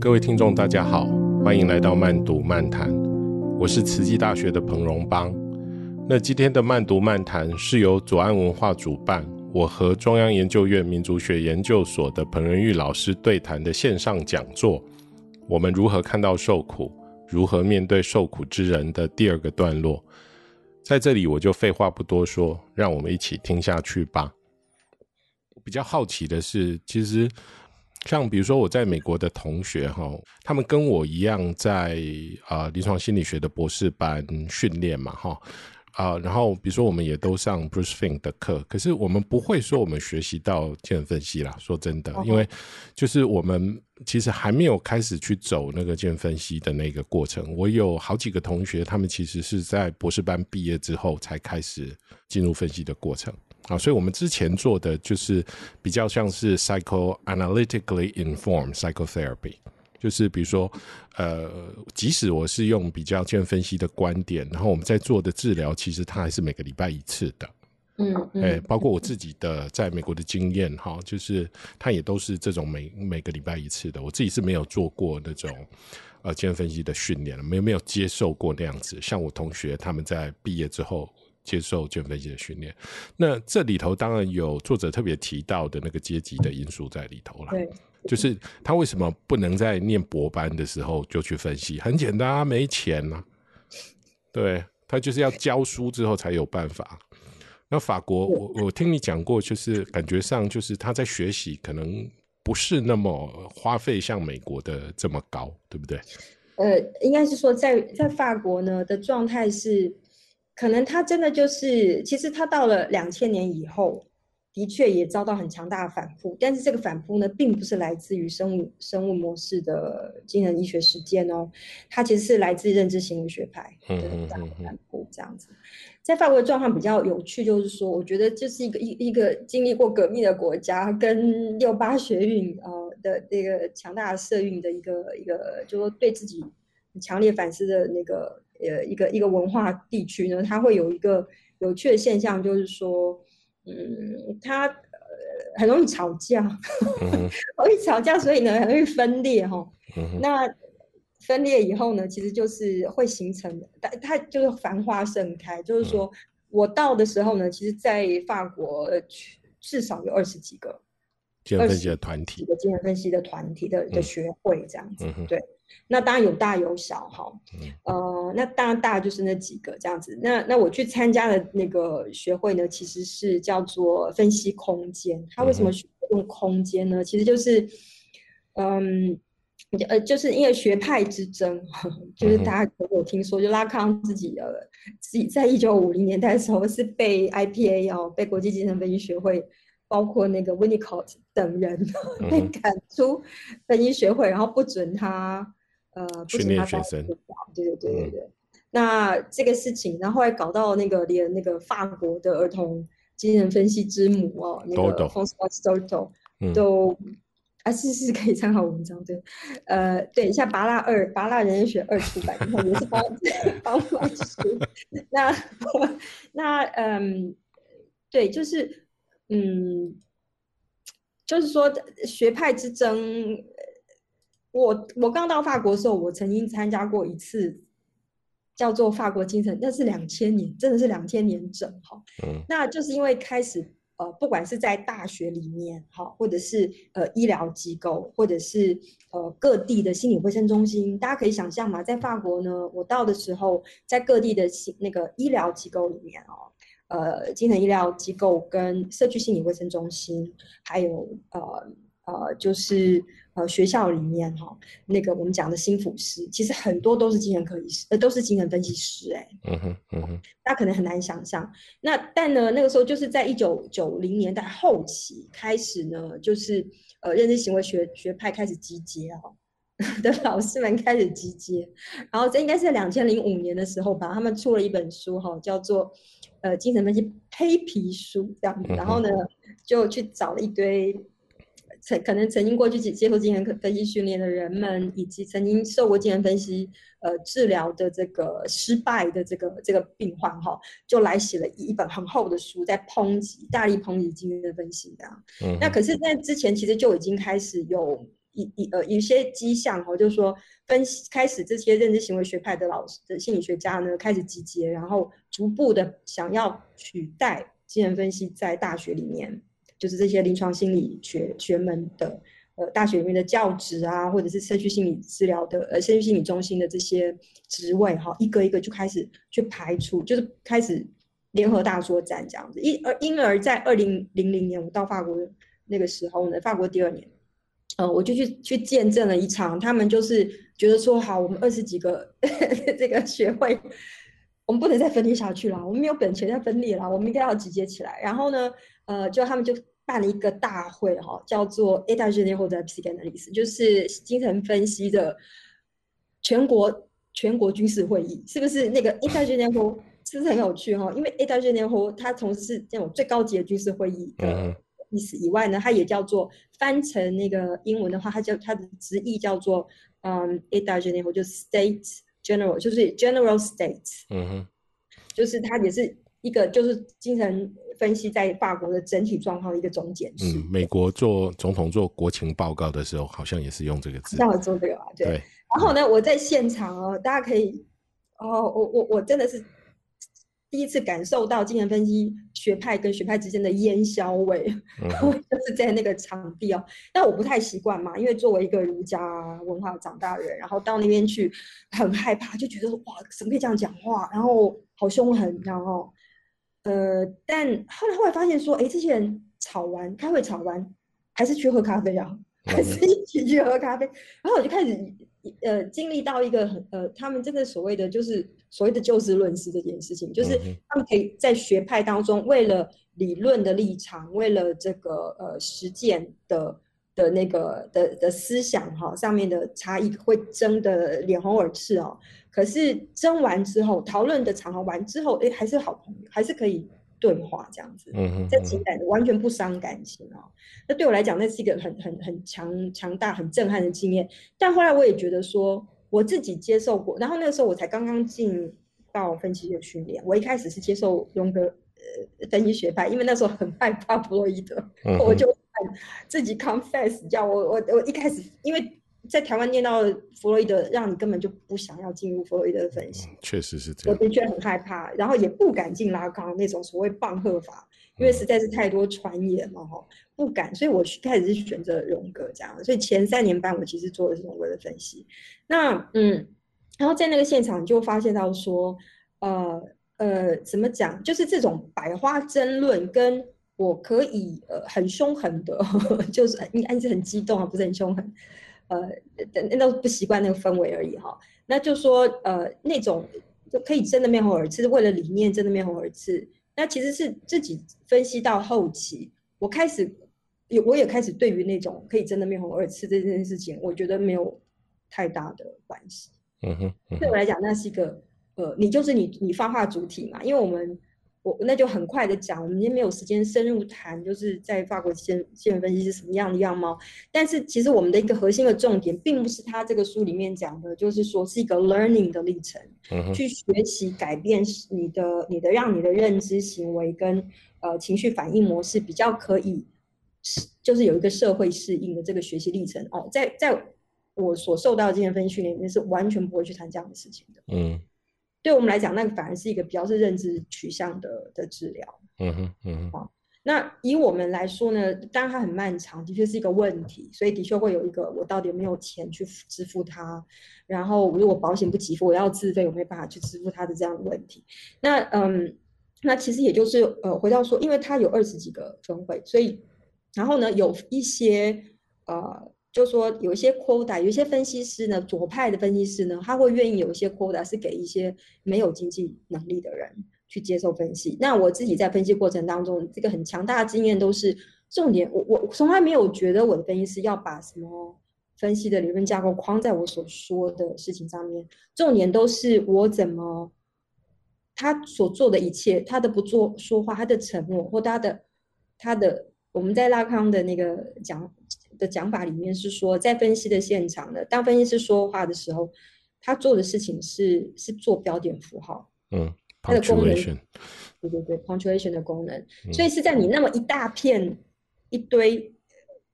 各位聽眾，大家好，歡迎來到慢讀漫談。我是慈濟大學的彭榮邦。那今天的慢讀漫談是由左岸文化主辦，我和中央研究院民族學研究所的彭仁郁老師對談的線上講座。我們如何看到受苦？如何面對受苦之人的第二個段落。在這裡我就廢話不多說，讓我們一起聽下去吧。比較好奇的是，其實像比如說我在美國的同學哈，他們跟我一樣在啊臨床心理學的博士班訓練嘛哈。啊、uh，然後比如說我們也都上 Bruce Fink 的課，可是我們不會說我們學習到精神分析啦。說真的，因為就是我們其實還沒有開始去走那個精神分析的那個過程。我有好幾個同學，他們其實是在博士班畢業之後才開始進入分析的過程啊。Uh, 所以，我們之前做的就是比較像是 Psychoanalytically informed psychotherapy。就是比如說，呃，即使我是用比較精神分析的觀點，然後我們在做的治療，其實它還是每個禮拜一次的嗯、欸嗯。嗯，包括我自己的在美國的經驗，哈，就是它也都是這種每、每個禮拜一次的。我自己是沒有做過那種呃精神分析的訓練，沒、沒有接受過那樣子。像我同學他們在畢業之後接受精神分析的訓練，那這裡頭當然有作者特別提到的那個階級的因素在裡頭了。對。就是他為什麼不能在念博班的時候就去分析？很簡單啊，沒錢啊。對，他就是要教書之後才有辦法。那法國，我我聽你講過，就是感覺上就是他在學習可能不是那麼花費，像美國的這麼高，對不對？呃，應該是說在在法國呢的狀態是，可能他真的就是，其實他到了兩千年以後。的確也遭到很強大的反撲，但是這個反撲呢，並不是來自於生物生物模式的精神醫學實踐哦，它其實是來自認知行為學派、就是、大的這反撲這樣子嗯嗯嗯嗯。在法國的狀況比較有趣，就是說，我覺得這是一個一一個經歷過革命的國家，跟六八學運、呃、的那個強大的社運的一個一個，就說、是、對自己強烈反思的那個呃一個一個文化地區呢，它會有一個有趣的現象，就是說。嗯，他呃很容易吵架，嗯、呵呵容易吵架，所以呢很容易分裂哈、嗯。那分裂以後呢，其實就是會形成，它它就是繁花盛開，就是說我到的時候呢，嗯、其實，在法國至少有二十幾個，精神分析的團體，二十幾個精神分析的團體的、嗯、的學會這樣子，嗯、對。那當然有大有小哈、嗯，呃，那當然大就是那幾個這樣子。那那我去參加的那個學會呢，其實是叫做分析空間。他為什麼用空間呢、嗯？其實就是，嗯，呃，就是因為學派之爭，嗯、就是大家有聽說，就拉康自己呃自己在一九五零年代的時候是被 IPA 哦，被國際精神分析學會，包括那個 Winnicott 等人、嗯、 被趕出分析學會，然後不准他。呃，訓練學生學，對對對對對、嗯。那這個事情，然後還搞到那個連那個法國的兒童精神分析之母哦，多多那個 Fons 都，嗯、啊是是可以參考文章對，呃對，像《巴納二》《巴納人類學二》出版，然後也是包包辦的那 那，那嗯，對，就是嗯，就是說學派之爭。我我剛到法國的時候，我曾經參加過一次叫做法國精神，那是兩千年，真的是兩千年整哈、哦嗯。那就是因為開始呃，不管是在大學裡面哈，或者是呃醫療機構，或者是呃各地的心理衛生中心，大家可以想象嘛，在法國呢，我到的時候，在各地的那個醫療機構裡面哦，呃，精神醫療機構跟社區心理衛生中心，還有呃。呃，就是呃，學校裡面哈、喔，那個我們講的心輔師，其實很多都是精神科醫師，呃，都是精神分析師、欸，哎，嗯嗯，大家可能很難想象。那但呢，那個時候就是在一九九零年代後期開始呢，就是呃，認知行為學學派開始集結哈、喔，的老師們開始集結，然後這應該是在兩千零五年的時候吧，他們出了一本書哈、喔，叫做呃，精神分析黑皮書這樣子，然後呢、嗯，就去找了一堆。曾可能曾經過去接接受精神分析訓練的人們，以及曾經受過精神分析呃治療的這個失敗的這個這個病患哈、哦，就來寫了一一本很厚的書，在抨擊大力抨擊精神分析這樣、嗯。那可是在之前其實就已經開始有，有一一呃有些跡象哈、哦，就是說分析開始這些認知行為學派的老師的心理學家呢開始集結，然後逐步的想要取代精神分析在大學裡面。就是這些臨床心理學學門的呃大學裡面的教職啊，或者是社區心理治療的呃社區心理中心的這些職位哈，一個一個就開始去排除，就是開始聯合大作戰這樣子。因而因而在二零零零年，我到法國那個時候呢，法國第二年，呃，我就去去見證了一場，他們就是覺得說，好，我們二十幾個 這個學會，我們不能再分裂下去了，我們沒有本錢再分裂了，我們應該要集結起來。然後呢，呃，就他們就。辦了一個大會哈、哦，叫做 États généraux 會議，就是精神分析的全國全國軍事會議，是不是那個 États généraux、嗯、是不是很有趣哈、哦？因為 États généraux 它從事那種最高級的軍事會議的意思、嗯、以外呢，它也叫做翻成那個英文的話，它叫它的直譯叫做嗯 États généraux 就 States General，就是 General States，嗯就是它也是。一個就是精神分析在法國的整體狀況，一個總檢視。嗯，美國做總統做國情報告的時候，好像也是用這個字。我做這個啊，對。然後呢，嗯、我在現場哦，大家可以哦，我我我真的是第一次感受到精神分析學派跟學派之間的煙硝味，嗯、就是在那個場地哦。但我不太習慣嘛，因為作為一個儒家文化長大人，然後到那邊去，很害怕，就覺得哇，怎麼可以這樣講話？然後好凶狠，然後。呃，但後來後來發現說，哎、欸，這些人吵完開會吵完，還是去喝咖啡啊，還是一起去喝咖啡。Mm-hmm. 然後我就開始呃，經歷到一個很呃，他們這個所謂的就是所謂的就事論事這件事情，就是他們可以在學派當中為了理論的立場，為了這個呃實踐的。的那個的的思想哈、哦、上面的差異會爭得臉紅耳赤哦，可是爭完之後，討論的場合完之後，哎，還是好朋友，還是可以對話這樣子，嗯嗯，這情感完全不傷感情哦。那對我來講，那是一個很很很強強大很震撼的經驗。但後來我也覺得說，我自己接受過，然後那個時候我才剛剛進到分析學訓練，我一開始是接受榮格呃分析學派，因為那時候很害怕弗洛伊德，嗯、 我就。自己 confess，叫我我我一開始因為在台灣唸到弗洛伊德，讓你根本就不想要進入弗洛伊德分析，嗯、確實是這樣，我的確很害怕，然後也不敢進拉康那種所謂棒喝法，因為實在是太多傳言了哈、嗯哦，不敢，所以我開始是選擇榮格這樣，所以前三年半我其實做的是榮格的分析，那嗯，然後在那個現場就發現到說，呃呃，怎麼講，就是這種百花爭論跟。我可以呃，很凶狠的。呵呵，就是你還是很激動啊？不是很凶狠，呃，那那都不習慣那個氛圍而已哈。那就說呃那種就可以真的面紅耳赤，為了理念真的面紅耳赤。那其實是自己分析到後期，我開始有我也開始對於那種可以真的面紅耳赤這件事情，我覺得沒有太大的關係。嗯哼，嗯哼，對我來講，那是一個呃，你就是你你發話主體嘛，因為我們。我那就很快的講，我們今天沒有時間深入談，就是在法國精神分析是什麼樣的樣貌。但是其實我們的一個核心的重點，並不是他這個書裡面講的，就是說是一個 learning 的歷程、嗯，去學習改變你的你的讓你的認知行為跟呃情緒反應模式比較可以，就是有一個社會適應的這個學習歷程哦、呃。在在我所受到的精神分析訓練裡面，是完全不會去談這樣的事情的。嗯。對我們來講，那個反而是一個比較是認知取向的的治療。嗯嗯、啊、那以我們來說呢，當然它很漫長，的確是一個問題，所以的確會有一個我到底有沒有錢去支付它，然後如果保險不給付，我要自費，我沒辦法去支付它的這樣的問題。那嗯，那其實也就是呃，回到說，因為它有二十幾個分會，所以然後呢，有一些呃。就說有一些 quota，有些分析師呢，左派的分析師呢，他會願意有一些 quota 是給一些沒有經濟能力的人去接受分析。那我自己在分析過程當中，這個很強大的經驗都是重點，我我從來沒有覺得我的分析師要把什麼分析的理論架構框在我所說的事情上面。重點都是我怎麼他所做的一切，他的不做說話，他的沉默或他的他的，我們在拉康的那個講。的講法裡面是說，在分析的現場呢，當分析師說話的時候，他做的事情是是做標點符號，嗯，他的功能，嗯、punctuation、對對對，punctuation 的功能，所以是在你那麼一大片一堆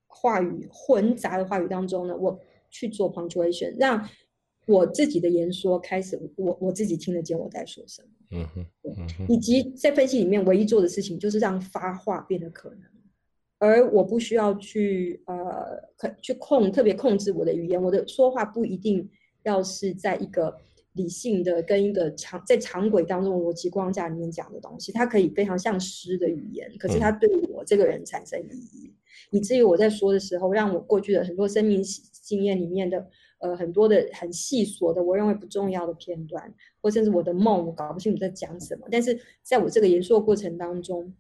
話語、嗯、混雜的話語當中呢，我去做 punctuation，讓我自己的言說開始，我我自己聽得見我在說什麼，嗯哼，嗯哼，以及在分析裡面唯一做的事情就是讓發話變得可能。而我不需要去呃，去控特別控制我的語言，我的說話不一定要是在一個理性的跟一個常在常軌當中的邏輯框架裡面講的東西，它可以非常像詩的語言，可是它對我這個人產生意義，嗯，以至於我在說的時候，讓我過去的很多生命經驗裡面的呃很多的很細瑣的我認為不重要的片段，或甚至我的夢，我搞不清楚在講什麼，但是在我這個言說過程當中。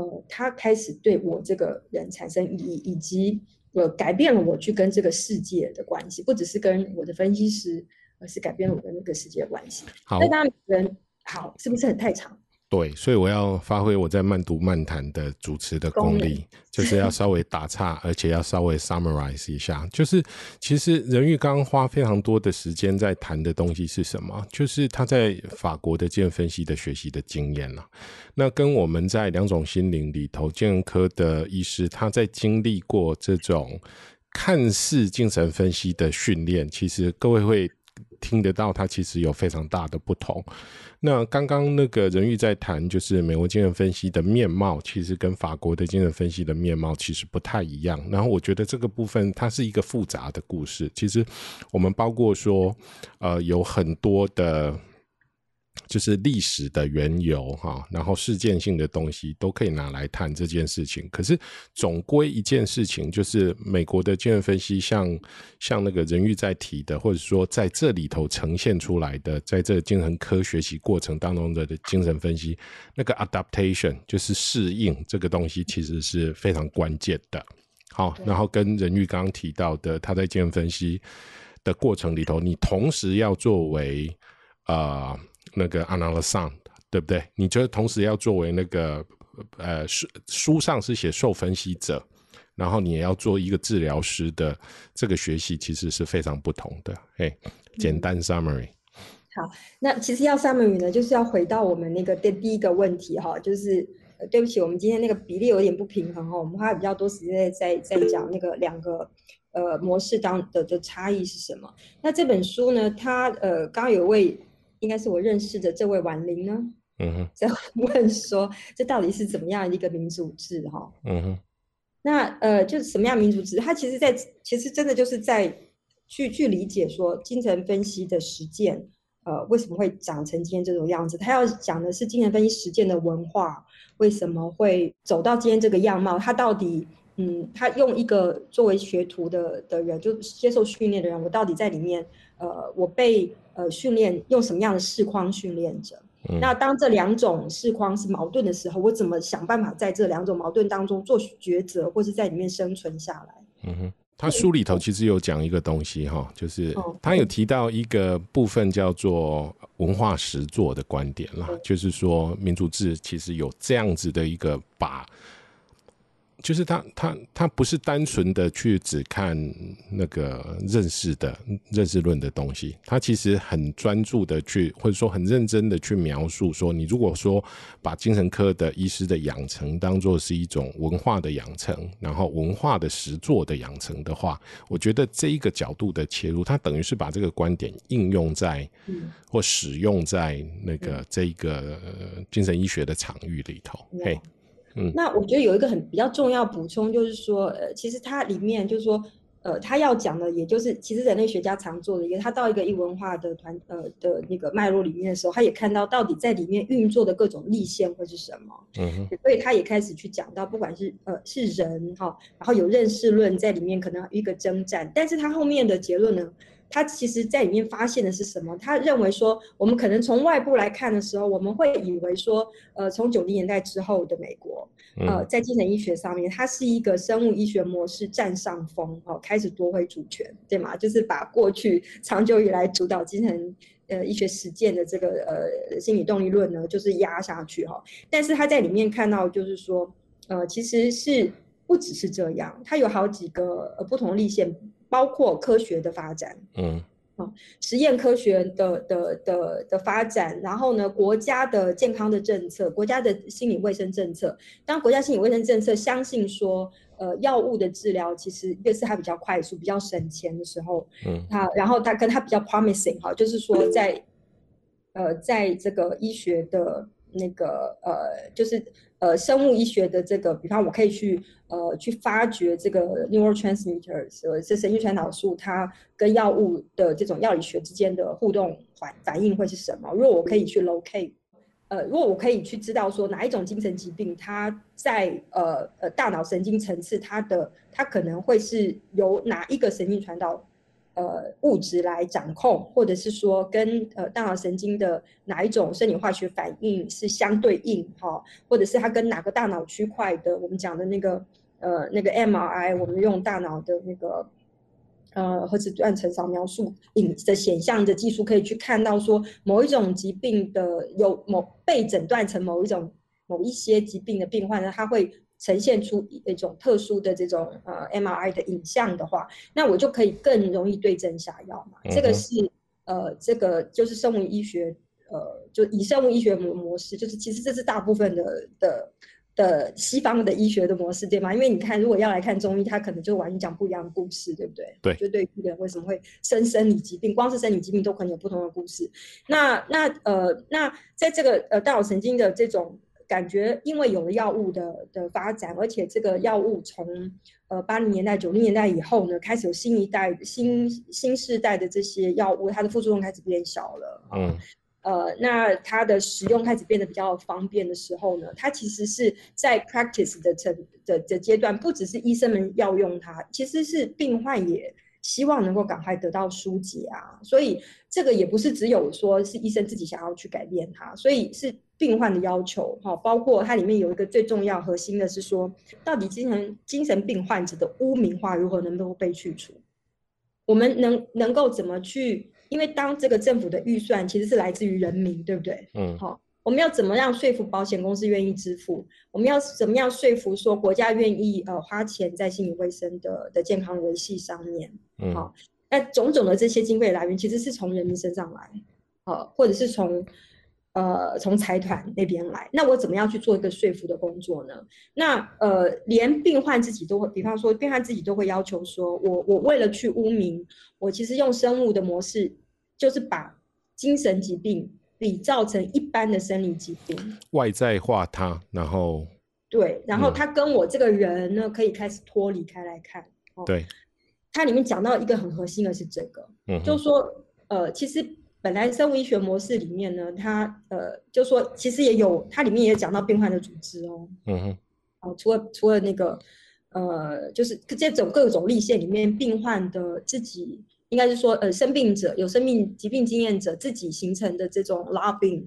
呃，他開始對我這個人產生意義，以及呃，改變了我去跟這個世界的關係，不只是跟我的分析師，而是改變了我跟那個世界的關係。好，那當然，人好，是不是很太長？對，所以我要發揮我在《慢讀漫談》的主持的功力， 就是要稍微打岔，而且要稍微 summarize 一下。就是其實仁郁剛剛花非常多的時間在談的東西是什麼？就是他在法國的精神分析的學習的經驗啊。那跟我們在《兩種心靈》裡頭，精神科的醫師他在經歷過這種看似精神分析的訓練，其實各位會。聽得到，它其實有非常大的不同。那剛剛那個仁郁在談，就是美國精神分析的面貌，其實跟法國的精神分析的面貌其實不太一樣。然後我覺得這個部分它是一個複雜的故事。其實我們包括說，呃，有很多的。就是歷史的緣由哈，然後事件性的東西都可以拿來談這件事情。可是總歸一件事情，就是美國的精神分析像，像像那個仁郁在提的，或者說在這裡頭呈現出來的，在這個精神科學習過程當中的精神分析，那個 adaptation 就是適應這個東西，其實是非常關鍵的。好，然後跟仁郁剛剛提到的，他在精神分析的過程裡頭，你同時要作為啊。呃那個 analysand，對不對？你覺得同時要作為那個呃書書上是寫受分析者，然後你也要做一個治療師的這個學習，其實是非常不同的。嘿、hey，簡單 summary，嗯。好，那其實要 summary 呢，就是要回到我們那個第第一個問題哈，就是對不起，我們今天那個比例有點不平衡哈，我們花比較多時間在在，在講那個兩個呃模式當的的差異是什麼？那這本書呢，它呃剛，剛有位。應該是我認識的這位婉玲呢，嗯哼，在問說：“這到底是怎麼樣一個民族誌、哦？哈，嗯哼，那呃，就是什麼樣民族誌？他其實在，其實真的就是在去去理解說，精神分析的實踐，呃，為什麼會長成今天這種樣子？他要講的是精神分析實踐的文化為什麼會走到今天這個樣貌？他到底？”嗯，他用一個作為學徒的的人，就接受訓練的人，我到底在裡面，呃，我被呃訓練用什麼樣的視框訓練着、嗯？那當這兩種視框是矛盾的時候，我怎麼想辦法在這兩種矛盾當中做抉擇，或者是在裡面生存下來？嗯哼，他書裡頭其實有講一個東西哈、哦，就是他有提到一個部分叫做文化實作的觀點啦，就是說民族誌其實有這樣子的一個把。就是他，他，他不是單純的去只看那個認識的認識論的東西，他其實很專注的去，或者說很認真的去描述說，你如果說把精神科的醫師的養成當做是一種文化的養成，然後文化的實作的養成的話，我覺得這一個角度的切入，他等於是把這個觀點應用在、嗯、或使用在那個、嗯、這個、呃、精神醫學的場域裡頭，嘿、嗯。Hey, 嗯嗯、那我覺得有一個很比較重要補充，就是說，呃，其實它裡面就是說，呃，他要講的也就是，其實人類學家常做的，因為他到一個異文化的團，呃的那個脈絡裡面的時候，他也看到到底在裡面運作的各種力線會是什麼，嗯、所以他也開始去講到，不管是呃是人哈、哦，然後有認識論在裡面可能有一個征戰，但是他後面的結論呢？嗯他其實在裡面發現的是什麼？他認為說，我們可能從外部來看的時候，我們會以為說，呃，從九零年代之後的美國，呃，在精神醫學上面，它是一個生物醫學模式佔上風，哈、哦，開始奪回主權，對嗎？就是把過去長久以來主導精神呃醫學實踐的這個呃心理動力論呢，就是壓下去哈、哦。但是他在裡面看到，就是說，呃，其實是不只是這樣，他有好幾個呃不同立線。包括科學的發展，嗯，啊，實驗科學的的的的發展，然後呢，國家的健康的政策，國家的心理衛生政策。當國家心理衛生政策相信說，呃，藥物的治療其實越是它比較快速，比較省錢的時候，嗯，啊，然後它跟它比較 promising 哈，就是說在，嗯、呃，在這個醫學的那個呃，就是呃，生物醫學的這個，比方我可以去。呃，去發掘這個 neural transmitters，這、呃、神經傳導素，它跟藥物的這種藥理學之間的互動反反應會是什麼？如果我可以去 locate，呃，如果我可以去知道說哪一種精神疾病，它在呃呃大腦神經層次，它的它可能會是由哪一個神經傳導。呃，物質來掌控，或者是說跟呃大腦神經的哪一種生理化學反應是相對應哈、哦，或者是它跟哪個大腦區塊的我們講的那個呃那個 MRI，我們用大腦的那個呃核磁斷層掃描術影的顯像的技術可以去看到說某一種疾病的有某被診斷成某一種某一些疾病的病患呢，他會，呈現出一種特殊的這種呃 MRI 的影像，的話，那我就可以更容易對症下藥嘛。嗯、這個是呃，這個就是生物醫學呃，就以生物醫學模模式，就是其實這是大部分的的的西方的醫學的模式對嗎？因為你看，如果要來看中醫，他可能就完全講不一樣的故事，對不對？對，就對於人為什麼會生生理疾病，光是生理疾病都可能有不同的故事。那那呃那在這個呃大腦神經的這種。感覺因為有了藥物的的發展，而且這個藥物從呃八零年代九零年代以後呢，開始有新一代新新世代的這些藥物，它的副作用開始變小了。嗯，呃，那它的使用開始變得比較方便的時候呢，它其實是在 practice 的層的的階段，不只是醫生們要用它，其實是病患也希望能夠趕快得到紓解啊。所以這個也不是只有說是醫生自己想要去改變它，所以是。病患的要求，包括它裡面有一個最重要核心的是說，到底精神精神病患者的污名化如何能夠被去除？我們能能夠怎麼去？因為當這個政府的預算其實是來自於人民，對不對？嗯，好，我們要怎麼樣說服保險公司願意支付？我們要怎麼樣說服說國家願意呃花錢在心理衛生的的健康維繫上面？嗯，好，那種種的這些經費來源其實是從人民身上來，呃，或者是從。呃，從財團那邊來，那我怎麼樣去做一個說服的工作呢？那呃，連病患自己都會，比方說病患自己都會要求說，我我為了去污名，我其實用生物的模式，就是把精神疾病比造成一般的生理疾病，外在化它，然後對，然後他跟我這個人呢，嗯、可以開始脫離開來看，哦、對，它裡面講到一個很核心的是這個，嗯，就是說呃，其實。本來生物醫學模式裡面呢，它呃就說其實也有，它裡面也講到病患的組織哦，嗯哼，哦，除了除了那個呃就是各種各種立線裡面病患的自己應該是說呃，生病者有生命疾病經驗者自己形成的這種 lobbying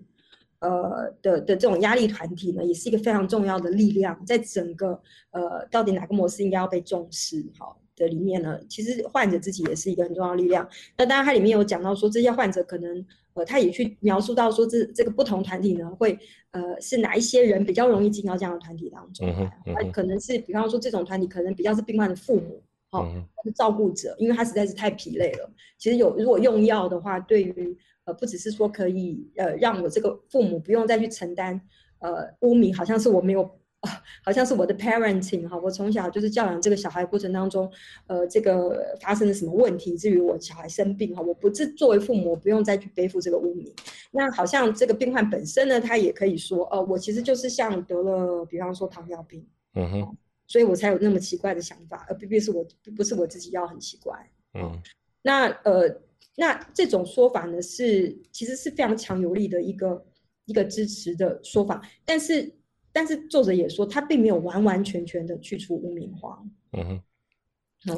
呃，的的這種壓力團體呢，也是一個非常重要的力量，在整個呃到底哪個模式應該要被重視哈？的理念呢，其實患者自己也是一個很重要的力量。那當然，它裡面有講到說，這些患者可能，呃，他也去描述到說，這這個不同團體呢，會呃是哪一些人比較容易進到這樣的團體當中？那、嗯嗯、可能是比方說，這種團體可能比較是病患的父母，哈、哦，嗯、是照顧者，因為他實在是太疲累了。其實有如果用藥的話，對於呃不只是說可以呃讓我這個父母不用再去承擔呃污名，好像是我沒有。啊，好像是我的 parenting 哈，我從小就是教養這個小孩過程當中，呃，這個發生了什麼問題？至於我小孩生病哈，我不自作為父母，我不用再去背負這個污名。那好像這個病患本身呢，他也可以說，哦、呃，我其實就是像得了，比方說糖尿病，嗯哼，所以我才有那麼奇怪的想法，而並不是我不是我自己要很奇怪。嗯、uh-huh.，那呃，那這種說法呢，是其實是非常強有力的一個一個支持的說法，但是。但是作者也說，他並沒有完完全全的去除污名化。嗯哼，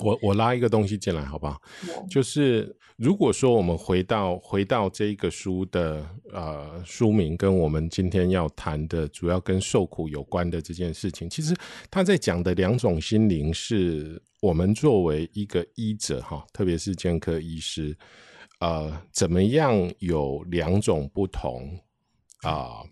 我我拉一個東西進來，好不好？嗯、就是如果說我們回到回到這一個書的呃書名，跟我們今天要談的主要跟受苦有關的這件事情，其實他在講的兩種心靈，是我們作為一個醫者哈，特別是專科醫師，呃，怎麼樣有兩種不同啊、呃，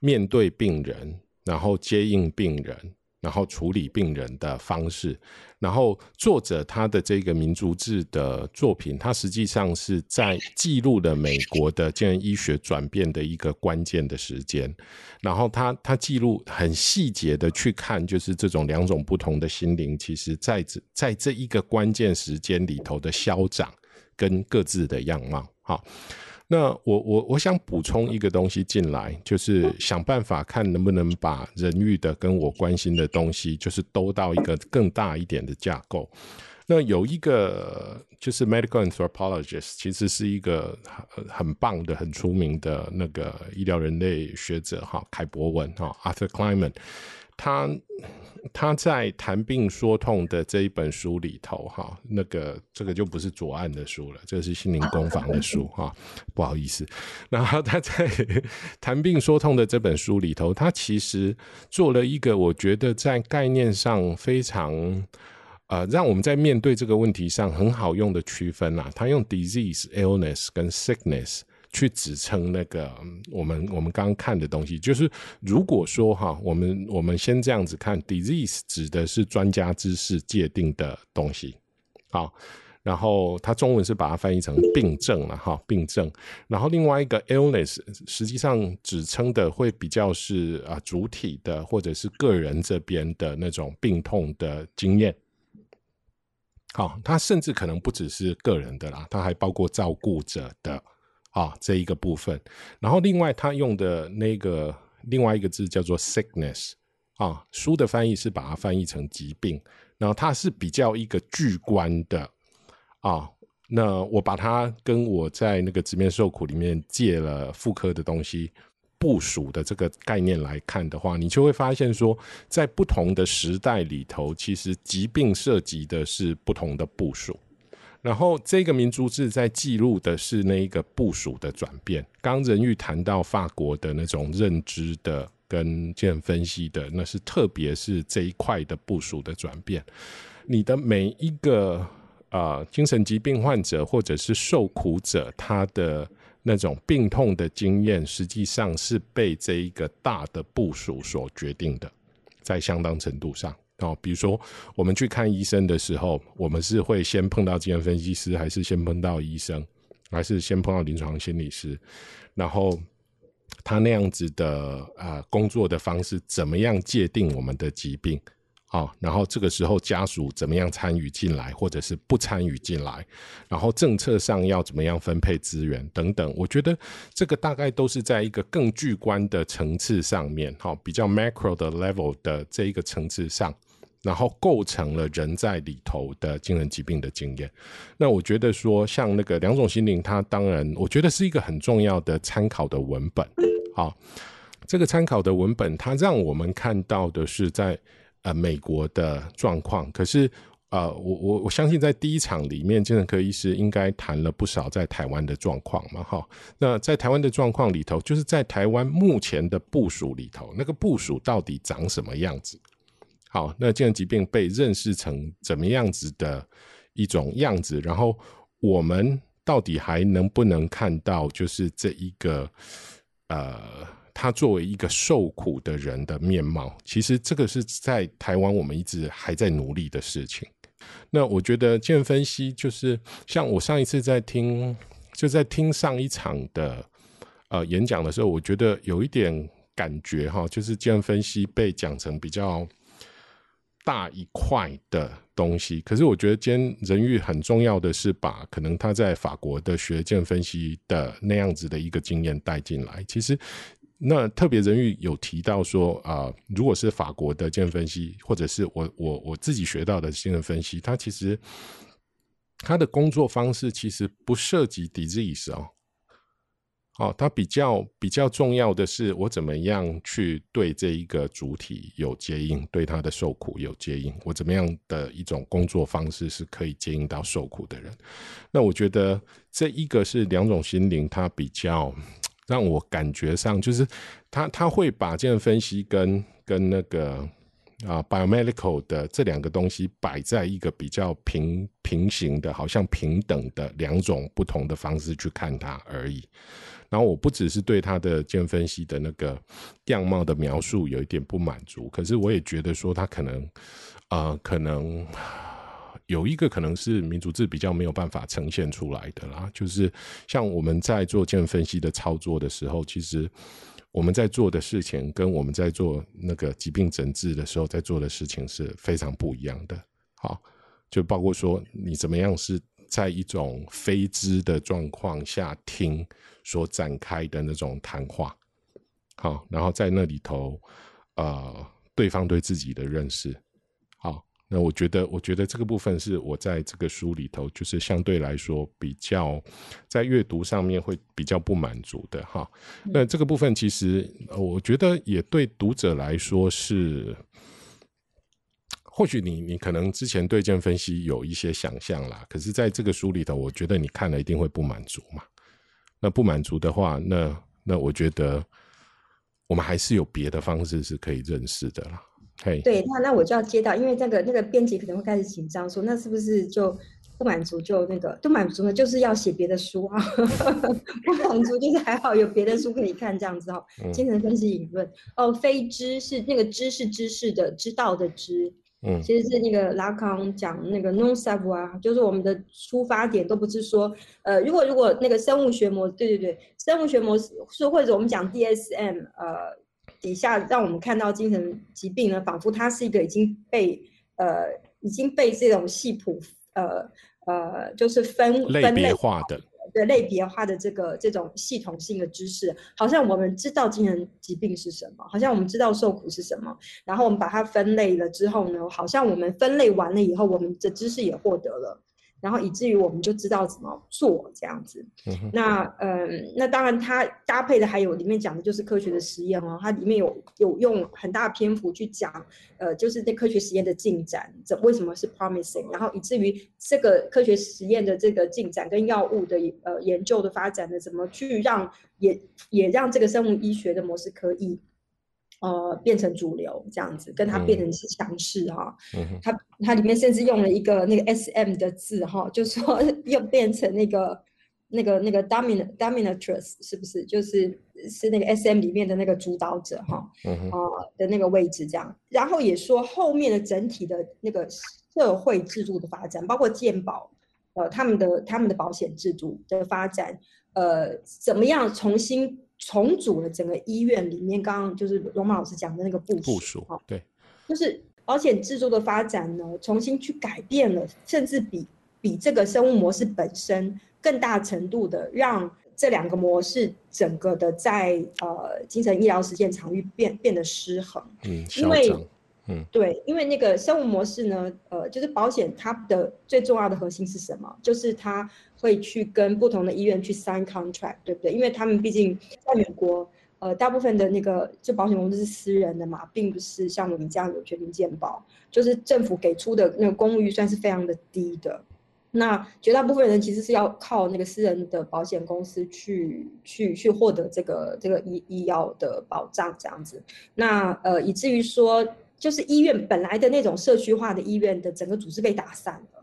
面對病人。然後接應病人，然後處理病人的方式，然後作者他的這個民族志的作品，他實際上是在記錄了美國的健康醫學轉變的一個關鍵的時間。然後他他記錄很細節的去看，就是這種兩種不同的心靈，其實在這在這一個關鍵時間裡頭的消長跟各自的樣貌，哈。那我我我想補充一個東西進來，就是想辦法看能不能把仁郁的跟我關心的東西，就是兜到一個更大一點的架構。那有一個就是 medical anthropologist，其實是一個很很棒的、很出名的那個醫療人類學者，哈，凱博文，哈，Arthur Kleinman。他他在《談病說痛》的這一本書裡頭，哈，那個這個就不是左岸的書了，這個是心靈工坊的書哈、啊嗯，不好意思。然後他在 《談病說痛》的這本書裡頭，他其實做了一個我覺得在概念上非常呃，讓我們在面對這個問題上很好用的區分啊。他用 disease、illness 跟 sickness。去指稱那個我們我們剛剛看的東西，就是如果說哈，我們我們先這樣子看，disease 指的是專家知識界定的東西，好，然後它中文是把它翻譯成病症了哈，病症，然後另外一個 illness 實際上指稱的會比較是啊主體的或者是個人這邊的那種病痛的經驗，好，它甚至可能不只是個人的啦，它還包括照顧者的。啊，這一個部分，然後另外他用的那個另外一個字叫做 “sickness”，啊，書的翻譯是把它翻譯成疾病，然後它是比較一個巨觀的，啊，那我把它跟我在那個直面受苦裡面借了傅柯的東西部署的這個概念來看的話，你就會發現說，在不同的時代裡頭，其實疾病涉及的是不同的部署。然後，這個民族志在記錄的是那一個部署的轉變。剛仁郁談到法國的那種認知的跟精神分析的，那是特別是這一塊的部署的轉變。你的每一個、呃、精神疾病患者或者是受苦者，他的那種病痛的經驗，實際上是被這一個大的部署所決定的，在相當程度上。哦，比如說我們去看醫生的時候，我們是會先碰到精神分析師，還是先碰到醫生，還是先碰到臨床心理師？然後他那樣子的啊、呃、工作的方式，怎麼樣界定我們的疾病？啊、哦，然後這個時候家屬怎麼樣參與進來，或者是不參與進來，然後政策上要怎麼樣分配資源等等，我覺得這個大概都是在一個更巨觀的層次上面、哦，比較 macro 的 level 的這一個層次上，然後構成了人在裡頭的精神疾病的經驗。那我覺得說，像那個兩種心靈，它當然我覺得是一個很重要的參考的文本。啊、哦，這個參考的文本，它讓我們看到的是在。呃，美國的狀況，可是，呃，我我我相信在第一場裡面，精神科醫師應該談了不少在台灣的狀況嘛，齁。那在台灣的狀況裡頭，就是在台灣目前的部署裡頭，那個部署到底長什麼樣子？好，那精神疾病被認識成怎麼樣子的一種樣子，然後我們到底還能不能看到，就是這一個呃。他作為一個受苦的人的面貌，其實這個是在台灣我們一直還在努力的事情。那我覺得精神分析就是像我上一次在聽，就在聽上一場的呃演講的時候，我覺得有一點感覺哈，就是精神分析被講成比較大一塊的東西。可是我覺得今天仁郁很重要的是把可能他在法國的學精神分析的那樣子的一個經驗帶進來，其實。那特別仁郁有提到說啊、呃，如果是法國的精神分析，或者是我我我自己學到的精神分析，他其實他的工作方式其實不涉及 disease 哦。哦，他比較比較重要的是，我怎麼樣去對這一個主體有接應，對他的受苦有接應，我怎麼樣的一種工作方式是可以接應到受苦的人。那我覺得這一個是兩種心靈，它比較。讓我感覺上就是他他會把精神分析跟跟那個啊、呃、biomedical 的這兩個東西擺在一個比較平平行的，好像平等的兩種不同的方式去看它而已。然後我不只是對他的精神分析的那個樣貌的描述有一點不滿足，可是我也覺得說他可能啊、呃、可能。有一個可能是民族誌比較沒有辦法呈現出來的啦，就是像我們在做建分析的操作的時候，其實我們在做的事情跟我們在做那個疾病診治的時候在做的事情是非常不一樣的。好，就包括說你怎麼樣是在一種非知的狀況下聽所展開的那種談話，好，然後在那裡頭，呃，對方對自己的認識。那我覺得，我覺得這個部分是我在這個書裡頭，就是相對來說比較在閱讀上面會比較不滿足的哈。那這個部分其實，我覺得也對讀者來說是，或許你你可能之前對精神分析有一些想象啦，可是在這個書裡頭，我覺得你看了一定會不滿足嘛。那不滿足的話，那那我覺得我們還是有別的方式是可以認識的啦。Hey. 對，那那我就要接到，因為那、這個那個編輯可能會開始緊張說，說那是不是就不滿足就那個都滿足了，就是要寫別的書啊， 不滿足就是還好有別的書可以看這樣子哈、嗯。精神分析引論哦，非知是那個知是知識的知道的知，嗯，其實是那個拉康講那個 non savoir 就是我們的出發點都不是說呃，如果如果那個生物學模式，對對對，生物學模式說或者我們講 DSM 呃。一下讓我們看到精神疾病呢，仿佛它是一個已經被呃已經被這種系譜呃呃就是分分類化的,類別化的對類別化的這個這種系統性的知識，好像我們知道精神疾病是什麼，好像我們知道受苦是什麼，然後我們把它分類了之後呢，好像我們分類完了以後，我們的知識也獲得了。然後以至於我們就知道怎麼做這樣子，嗯，那嗯、呃，那當然它搭配的還有裡面講的就是科學的實驗哦，它裡面有有用很大篇幅去講，呃，就是那科學實驗的進展怎為什麼是 promising，然後以至於這個科學實驗的這個進展跟藥物的呃研究的發展的怎麼去讓也也讓這個生物醫學的模式可以。呃，變成主流這樣子，跟他變成是強勢哈。他它裡面甚至用了一個那個 S M 的字哈、哦，就說又變成那個那個那個 Dominant Dominatrix 是不是？就是是那個 S M 裡面的那個主導者哈啊、哦嗯呃、的那個位置這樣。然後也說後面的整體的那個社會制度的發展，包括健保呃他們的他們的保險制度的發展，呃怎麼樣重新。重組了整個醫院裡面，剛剛就是榮邦老師講的那個部署，好，對，就是保險制度的發展呢，重新去改變了，甚至比比這個生物模式本身更大程度的讓這兩個模式整個的在呃精神醫療實踐場域變變得失衡，嗯，嗯因為，嗯，對，因為那個生物模式呢，呃，就是保險它的最重要的核心是什麼？就是它。會去跟不同的醫院去 sign contract，對不對？因為他們畢竟在美國，呃，大部分的那個就保險公司是私人的嘛，並不是像我們這樣有全民健保，就是政府給出的那個公務預算是非常的低的。那絕大部分人其實是要靠那個私人的保險公司去去去獲得這個這個醫醫藥的保障這樣子。那呃，以至於說，就是醫院本來的那種社區化的醫院的整個組織被打散了。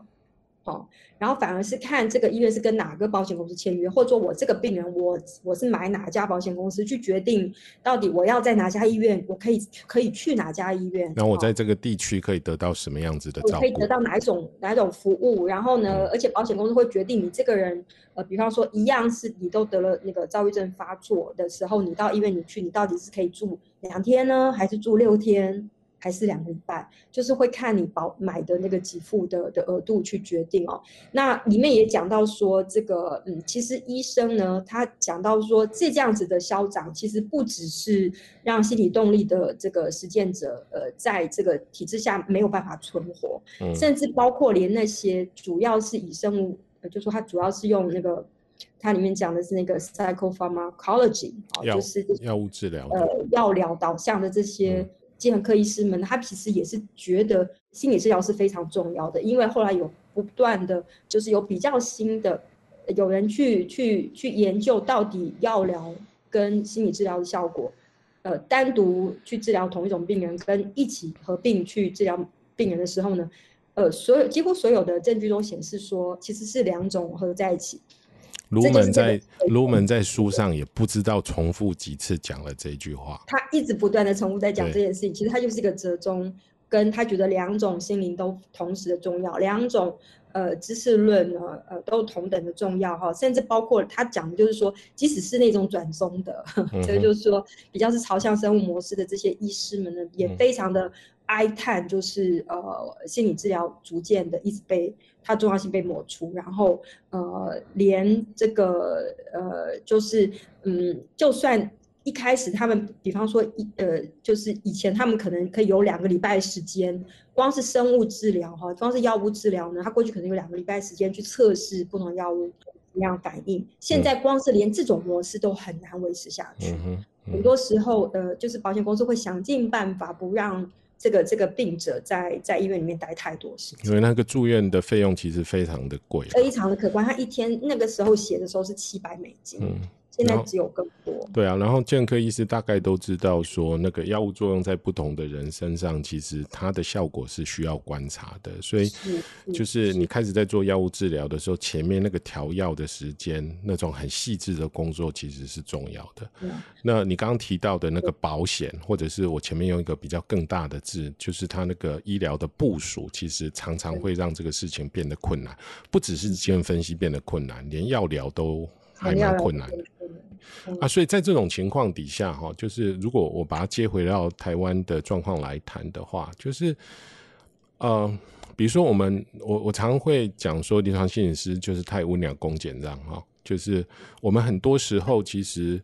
哦，然後反而是看這個醫院是跟哪個保險公司簽約，或者說我這個病人，我我是買哪家保險公司，去決定到底我要在哪家醫院，我可以可以去哪家醫院。那我在這個地區可以得到什麼樣子的？我可以得到哪一種哪一種服務？然後呢，而且保險公司會決定你這個人，呃，比方說一樣是你都得了那個躁鬱症發作的時候，你到醫院你去，你到底是可以住兩天呢，還是住六天？還是兩個禮拜，就是會看你保買的那個給付的的額度去決定哦。那裡面也講到說，這個嗯，其實醫生呢，他講到說，這這樣子的消長，其實不只是讓心理動力的這個實踐者呃，在這個體制下沒有辦法存活，嗯、甚至包括連那些主要是以生物、呃，就說、是、他主要是用那個，它裡面講的是那個 psychopharmacology，、哦、就是藥物治療，呃，藥療導向的這些，嗯精神科醫師們，他其實也是覺得心理治療是非常重要的，因為後來有不斷的，就是有比較新的，有人去去去研究到底藥療跟心理治療的效果，呃，單獨去治療同一種病人跟一起合併去治療病人的時候呢，呃，所有，幾乎所有的證據都顯示說，其實是兩種合在一起。盧門在盧門在書上也不知道重複幾次講了這句話，他一直不斷的重複在講這件事情。其實他就是一個折中，跟他覺得兩種心靈都同時的重要，兩種呃知識論呢呃都同等的重要哈，甚至包括他講的就是說，即使是那種轉宗的、嗯，所以就是說比較是朝向生物模式的這些醫師們呢，也非常的。嗯哀嘆就是呃，心理治療逐漸的一直被它的重要性被抹除，然後呃，連這個呃，就是嗯，就算一開始他們，比方說一呃，就是以前他們可能可以有兩個禮拜時間，光是生物治療哈，光是藥物治療呢，他過去可能有兩個禮拜時間去測試不同藥物怎麼樣反應，現在光是連這種模式都很難維持下去，嗯、很多時候呃，就是保險公司會想盡辦法不讓。這個這個病者在在醫院裡面待太多時間，因為那個住院的費用其實非常的貴，非常的可觀。他一天那個時候寫的時候是七百美金。嗯現在只有更多對啊，然後健科醫師大概都知道說，那個藥物作用在不同的人身上，其實它的效果是需要觀察的。所以就是你開始在做藥物治療的時候，前面那個調藥的時間，那種很細緻的工作，其實是重要的。嗯、那你剛剛提到的那個保險，或者是我前面用一個比較更大的字，就是它那個醫療的部署，其實常常會讓這個事情變得困難。不只是基因分析變得困難，連藥療都還蠻困難。嗯、啊，所以在這種情況底下，哈，就是如果我把它接回到台灣的狀況來談的話，就是，呃，比如說我們，我我常常會講說，臨床心理師就是太溫良恭儉讓，哈，就是我們很多時候其實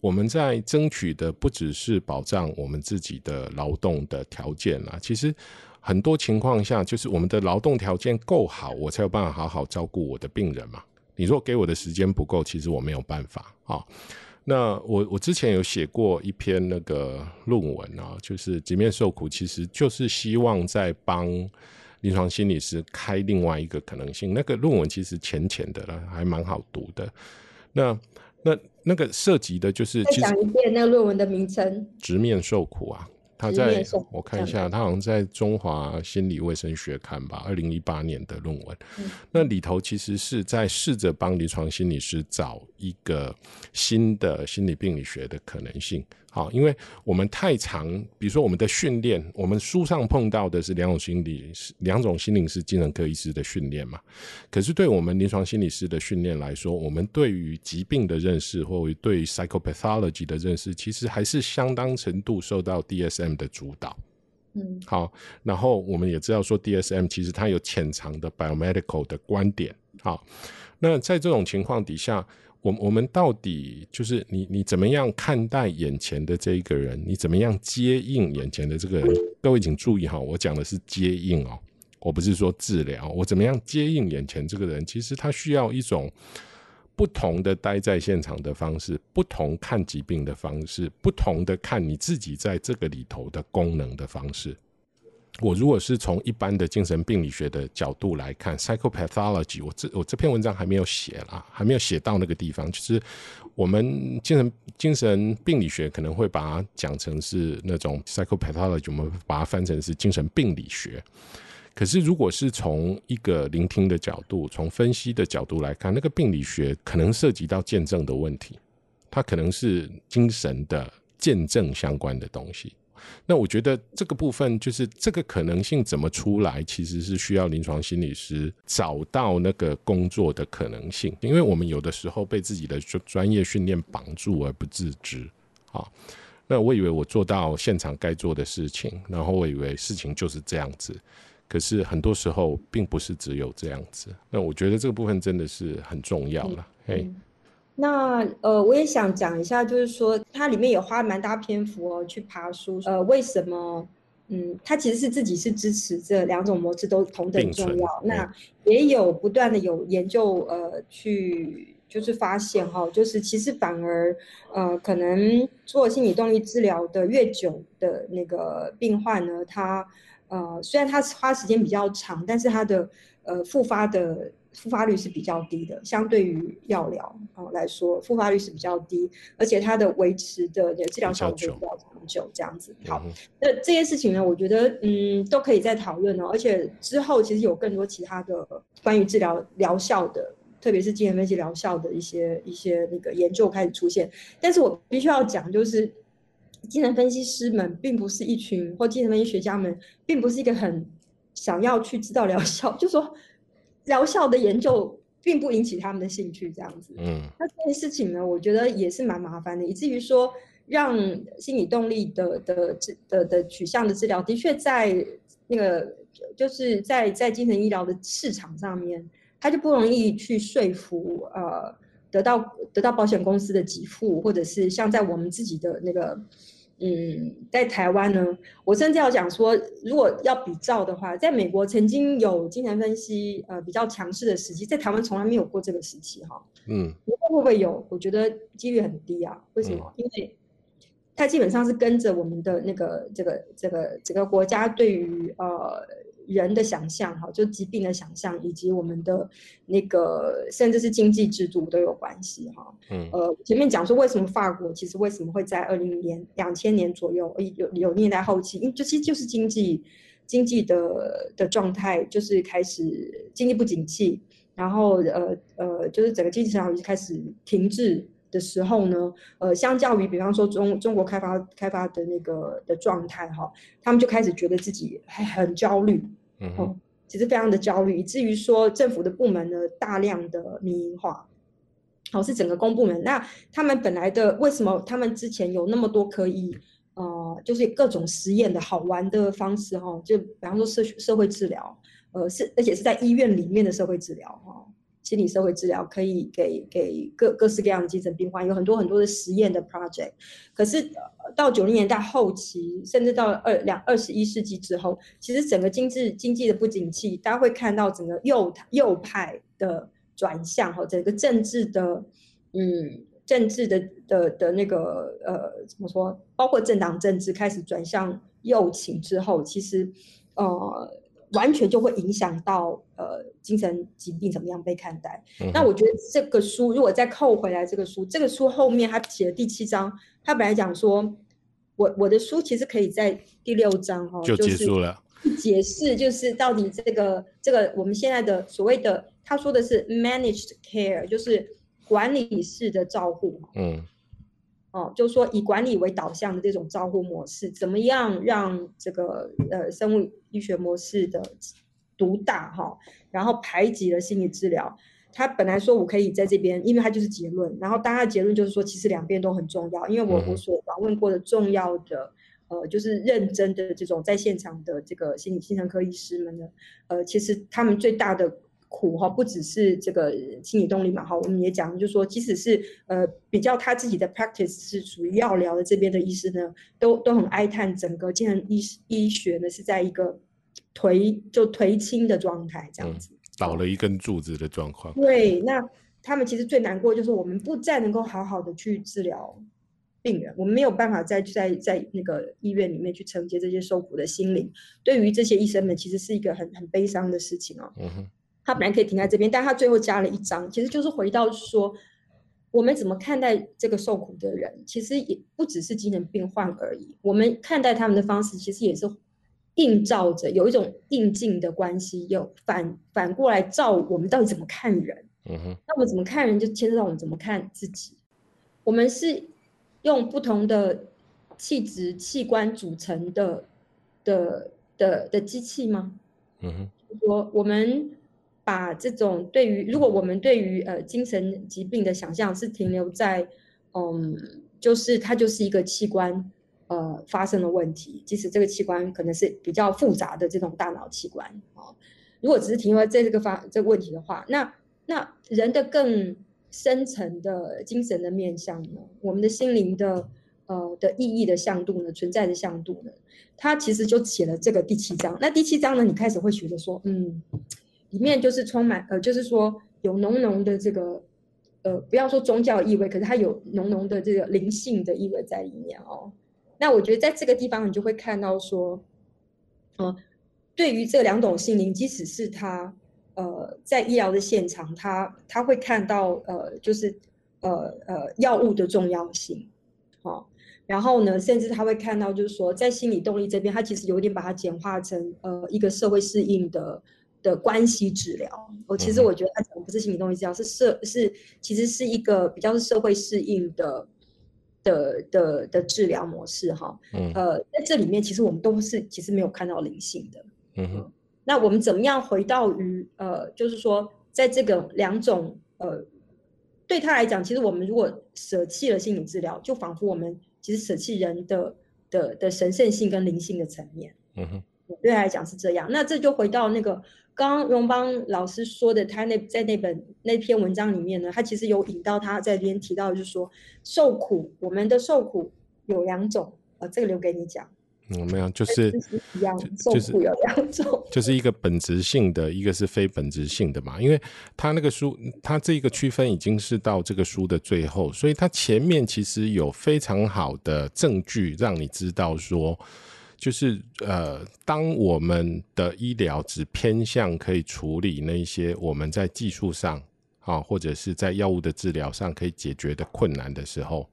我們在爭取的不只是保障我們自己的勞動的條件啦，其實很多情況下，就是我們的勞動條件夠好，我才有辦法好好照顧我的病人嘛。你如果給我的時間不夠，其實我沒有辦法啊、哦。那我我之前有寫過一篇那個論文啊，就是直面受苦，其實就是希望在幫臨床心理師開另外一個可能性。那個論文其實淺淺的了，還蠻好讀的。那那那個涉及的就是，再講那論文的名稱：直面受苦啊。他在，我看一下，他好像在《中華心理衛生學刊》吧，二零一八年的論文。嗯，那裡頭其實是在試着幫臨床心理師找一個新的心理病理學的可能性。好，因為我們太長，比如說我們的訓練，我們書上碰到的是兩種心靈、兩種心靈師、精神科醫師的訓練嘛。可是對我們臨床心理師的訓練來說，我們對於疾病的認識，或者對於 psychopathology 的認識，其實還是相當程度受到 DSM 的主導。嗯，好，然後我們也知道說，DSM 其實它有潛藏的 biomedical 的觀點。好，那在這種情況底下。我我們到底就是你你怎麼樣看待眼前的這一個人？你怎麼樣接應眼前的這個人？各位請注意哈，我講的是接應哦，我不是說治療。我怎麼樣接應眼前這個人？其實他需要一種不同的待在現場的方式，不同看疾病的方式，不同的看你自己在這個裡頭的功能的方式。我如果是從一般的精神病理學的角度來看，psychopathology，我這我這篇文章還沒有寫啦，還沒有寫到那個地方。就是我們精神精神病理學可能會把它講成是那種 psychopathology，我們把它翻成是精神病理學。可是如果是從一個聆聽的角度，從分析的角度來看，那個病理學可能涉及到見證的問題，它可能是精神的見證相關的東西。那我覺得這個部分就是這個可能性怎麼出來，其實是需要臨床心理師找到那個工作的可能性。因為我們有的時候被自己的專業訓練綁住而不自知啊。那我以為我做到現場該做的事情，然後我以為事情就是這樣子，可是很多時候並不是只有這樣子。那我覺得這個部分真的是很重要了。嘿，嗯，嗯那呃，我也想講一下，就是說它裡面也花蠻大篇幅哦，去爬梳。呃，為什麼？嗯，他其實是自己是支持這兩種模式都同等重要。那也有不斷的有研究，呃，去就是發現哈、哦，就是其實反而呃，可能做心理動力治療的越久的那個病患呢，他呃，雖然他花時間比較長，但是他的呃復發的，復發率是比較低的，相對於藥療啊來說，復發率是比較低，而且它的維持的治療效果比較長久，這樣子。嗯、好，那這些事情呢，我覺得嗯都可以再討論哦。而且之後其實有更多其他的關於治療療效的，特別是精神分析療效的一些一些那個研究開始出現。但是我必須要講，就是精神分析師們並不是一群，或精神分析學家們並不是一個很想要去知道療效，就是、說。療效的研究並不引起他們的興趣，這樣子。嗯，那這件事情呢，我覺得也是蠻麻煩的，以至於說讓心理動力的的的的，的取向的治療，的確在那個就是在在精神醫療的市場上面，它就不容易去說服呃得到、得到保險公司的給付，或者是像在我們自己的那個。嗯，在台灣呢，我甚至要講說，如果要比照的話，在美國曾經有精神分析呃比較強勢的時期，在台灣從來沒有過這個時期哈。嗯，會不會有？我覺得幾率很低啊。為什麼？嗯、因為他基本上是跟着我們的那個這個這個整個國家對於呃。人的想象哈，就疾病的想象，以及我們的那個甚至是經濟制度都有關係哈。嗯，呃，前面講說為什麼法國其實為什麼會在二零年兩千年左右有有年代後期，因為其實就是經濟經濟的的狀態就是開始經濟不景氣，然後呃呃就是整個經濟市場已經開始停滯的時候呢，呃，相較於比方說中中國開發開發的那個的狀態哈，他們就開始覺得自己還很焦慮。哦，其實非常的焦慮。以至於說政府的部門呢，大量的民營化，好是整個公部門，那他們本來的為什麼他們之前有那麼多可以呃，就是各種實驗的好玩的方式哈、哦，就比方說社社會治療，呃是而且是在醫院裡面的社會治療哈。哦心理社會治療可以給給各各式各樣的精神病患，有很多很多的實驗的 project。可是，呃，到九零年代後期，甚至到二兩二,二十一世紀之後，其實整個經濟經濟的不景氣，大家會看到整個右右派的轉向和整個政治的嗯政治的的的那個呃怎麼說？包括政黨政治開始轉向右傾之後，其實呃。完全就會影響到呃精神疾病怎麼樣被看待。嗯、那我覺得這個書如果再扣回來，這個書這個書後面他寫了第七章，他本來講說我我的書其實可以在第六章，哦，就結束了，就是，解釋就是到底這個這個我們現在的所謂的他說的是 managed care，就是管理式的照護嗯。哦，就是說以管理為導向的這種照護模式，怎麼樣讓這個呃生物醫學模式的獨大哈、哦，然後排擠了心理治療？他本來說我可以在這邊，因為他就是結論。然後大家的結論就是說，其實兩邊都很重要。因為我我所訪問過的重要的呃，就是認真的這種在現場的這個心理精神科醫師們呢，呃，其實他們最大的。苦哈，不只是這個心理動力嘛哈，我們也講，就是說，即使是呃比較他自己的 practice 是屬於藥療的這邊的醫生呢，都都很哀嘆整個精神醫醫學呢是在一個頹就頹傾的狀態，這樣子，嗯、倒了一根柱子的狀況。對，那他們其實最難過的就是我們不再能夠好好的去治療病人，我們沒有辦法在在在那個醫院裡面去承接這些受苦的心靈，對於這些醫生們其實是一個很很悲傷的事情哦，喔。嗯哼。他本來可以停在這邊，但他最後加了一張，其實就是回到說，我們怎麼看待這個受苦的人，其實也不只是精神病患而已。我們看待他們的方式，其實也是映照着有一種映鏡的關係，又反反過來照我們到底怎麼看人。嗯哼，那我們怎麼看人，就牽涉到我們怎麼看自己。我們是用不同的氣質器官組成的的的的機器嗎？嗯哼，就是說我們。把這種對於如果我們對於呃精神疾病的想象是停留在，嗯，就是它就是一個器官，呃，發生的問題，即使這個器官可能是比較複雜的這種大腦器官啊、哦，如果只是停留在這個發這個問題的話，那那人的更深層的精神的面向呢，我們的心靈的呃的意義的向度呢，存在的向度呢，它其實就寫了這個第七章。那第七章呢，你開始會覺得說，嗯。裡面就是充滿，呃，就是說有濃濃的這個，呃，不要說宗教意味，可是它有濃濃的這個靈性的意味在裡面哦。那我覺得在這個地方，你就會看到說，嗯、呃，對於這兩種心靈，即使是他，呃，在醫療的現場，他他會看到，呃，就是，呃呃，藥物的重要性，哦，然後呢，甚至他會看到，就是說，在心理動力這邊，他其實有點把它簡化成，呃，一個社會適應的。的關係治療，我其實我覺得他講的不是心理動力治療，嗯、是社是其實是一個比較是社會適應的的的的,的治療模式哈、嗯。呃，在這裡面其實我們都是其實沒有看到靈性的。嗯哼。呃、那我們怎麼樣回到於呃，就是說在這個兩種呃，對他來講，其實我們如果舍棄了心理治療，就仿佛我們其實舍棄人的的的神聖性跟靈性的層面。嗯哼。對來講是這樣，那這就回到那個剛剛榮邦老師說的，他那在那本那篇文章裡面呢，他其實有引到他在那邊提到，就是說受苦，我們的受苦有兩種，我這個留給你講。嗯，沒有，就是就、就是、受苦有兩種，就是一個本質性的，一個是非本質性的嘛。因為他那個書，他這個區分已經是到這個書的最後，所以他前面其實有非常好的證據讓你知道說。就是呃，當我們的醫療只偏向可以處理那些我們在技術上啊，或者是在藥物的治療上可以解決的困難的時候，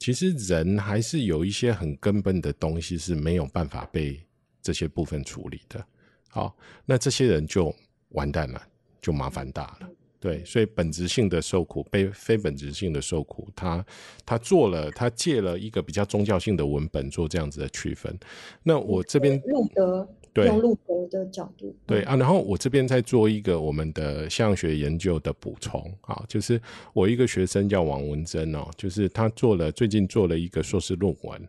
其實人還是有一些很根本的東西是沒有辦法被這些部分處理的。好，那這些人就完蛋了，就麻煩大了。對，所以本質性的受苦，非非本質性的受苦，他他做了，他借了一個比較宗教性的文本做這樣子的區分。那我這邊路德，對，路德的角度，對啊。然後我這邊再做一個我們的象學研究的補充啊，就是我一個學生叫王文珍哦，就是他做了最近做了一個碩士論文。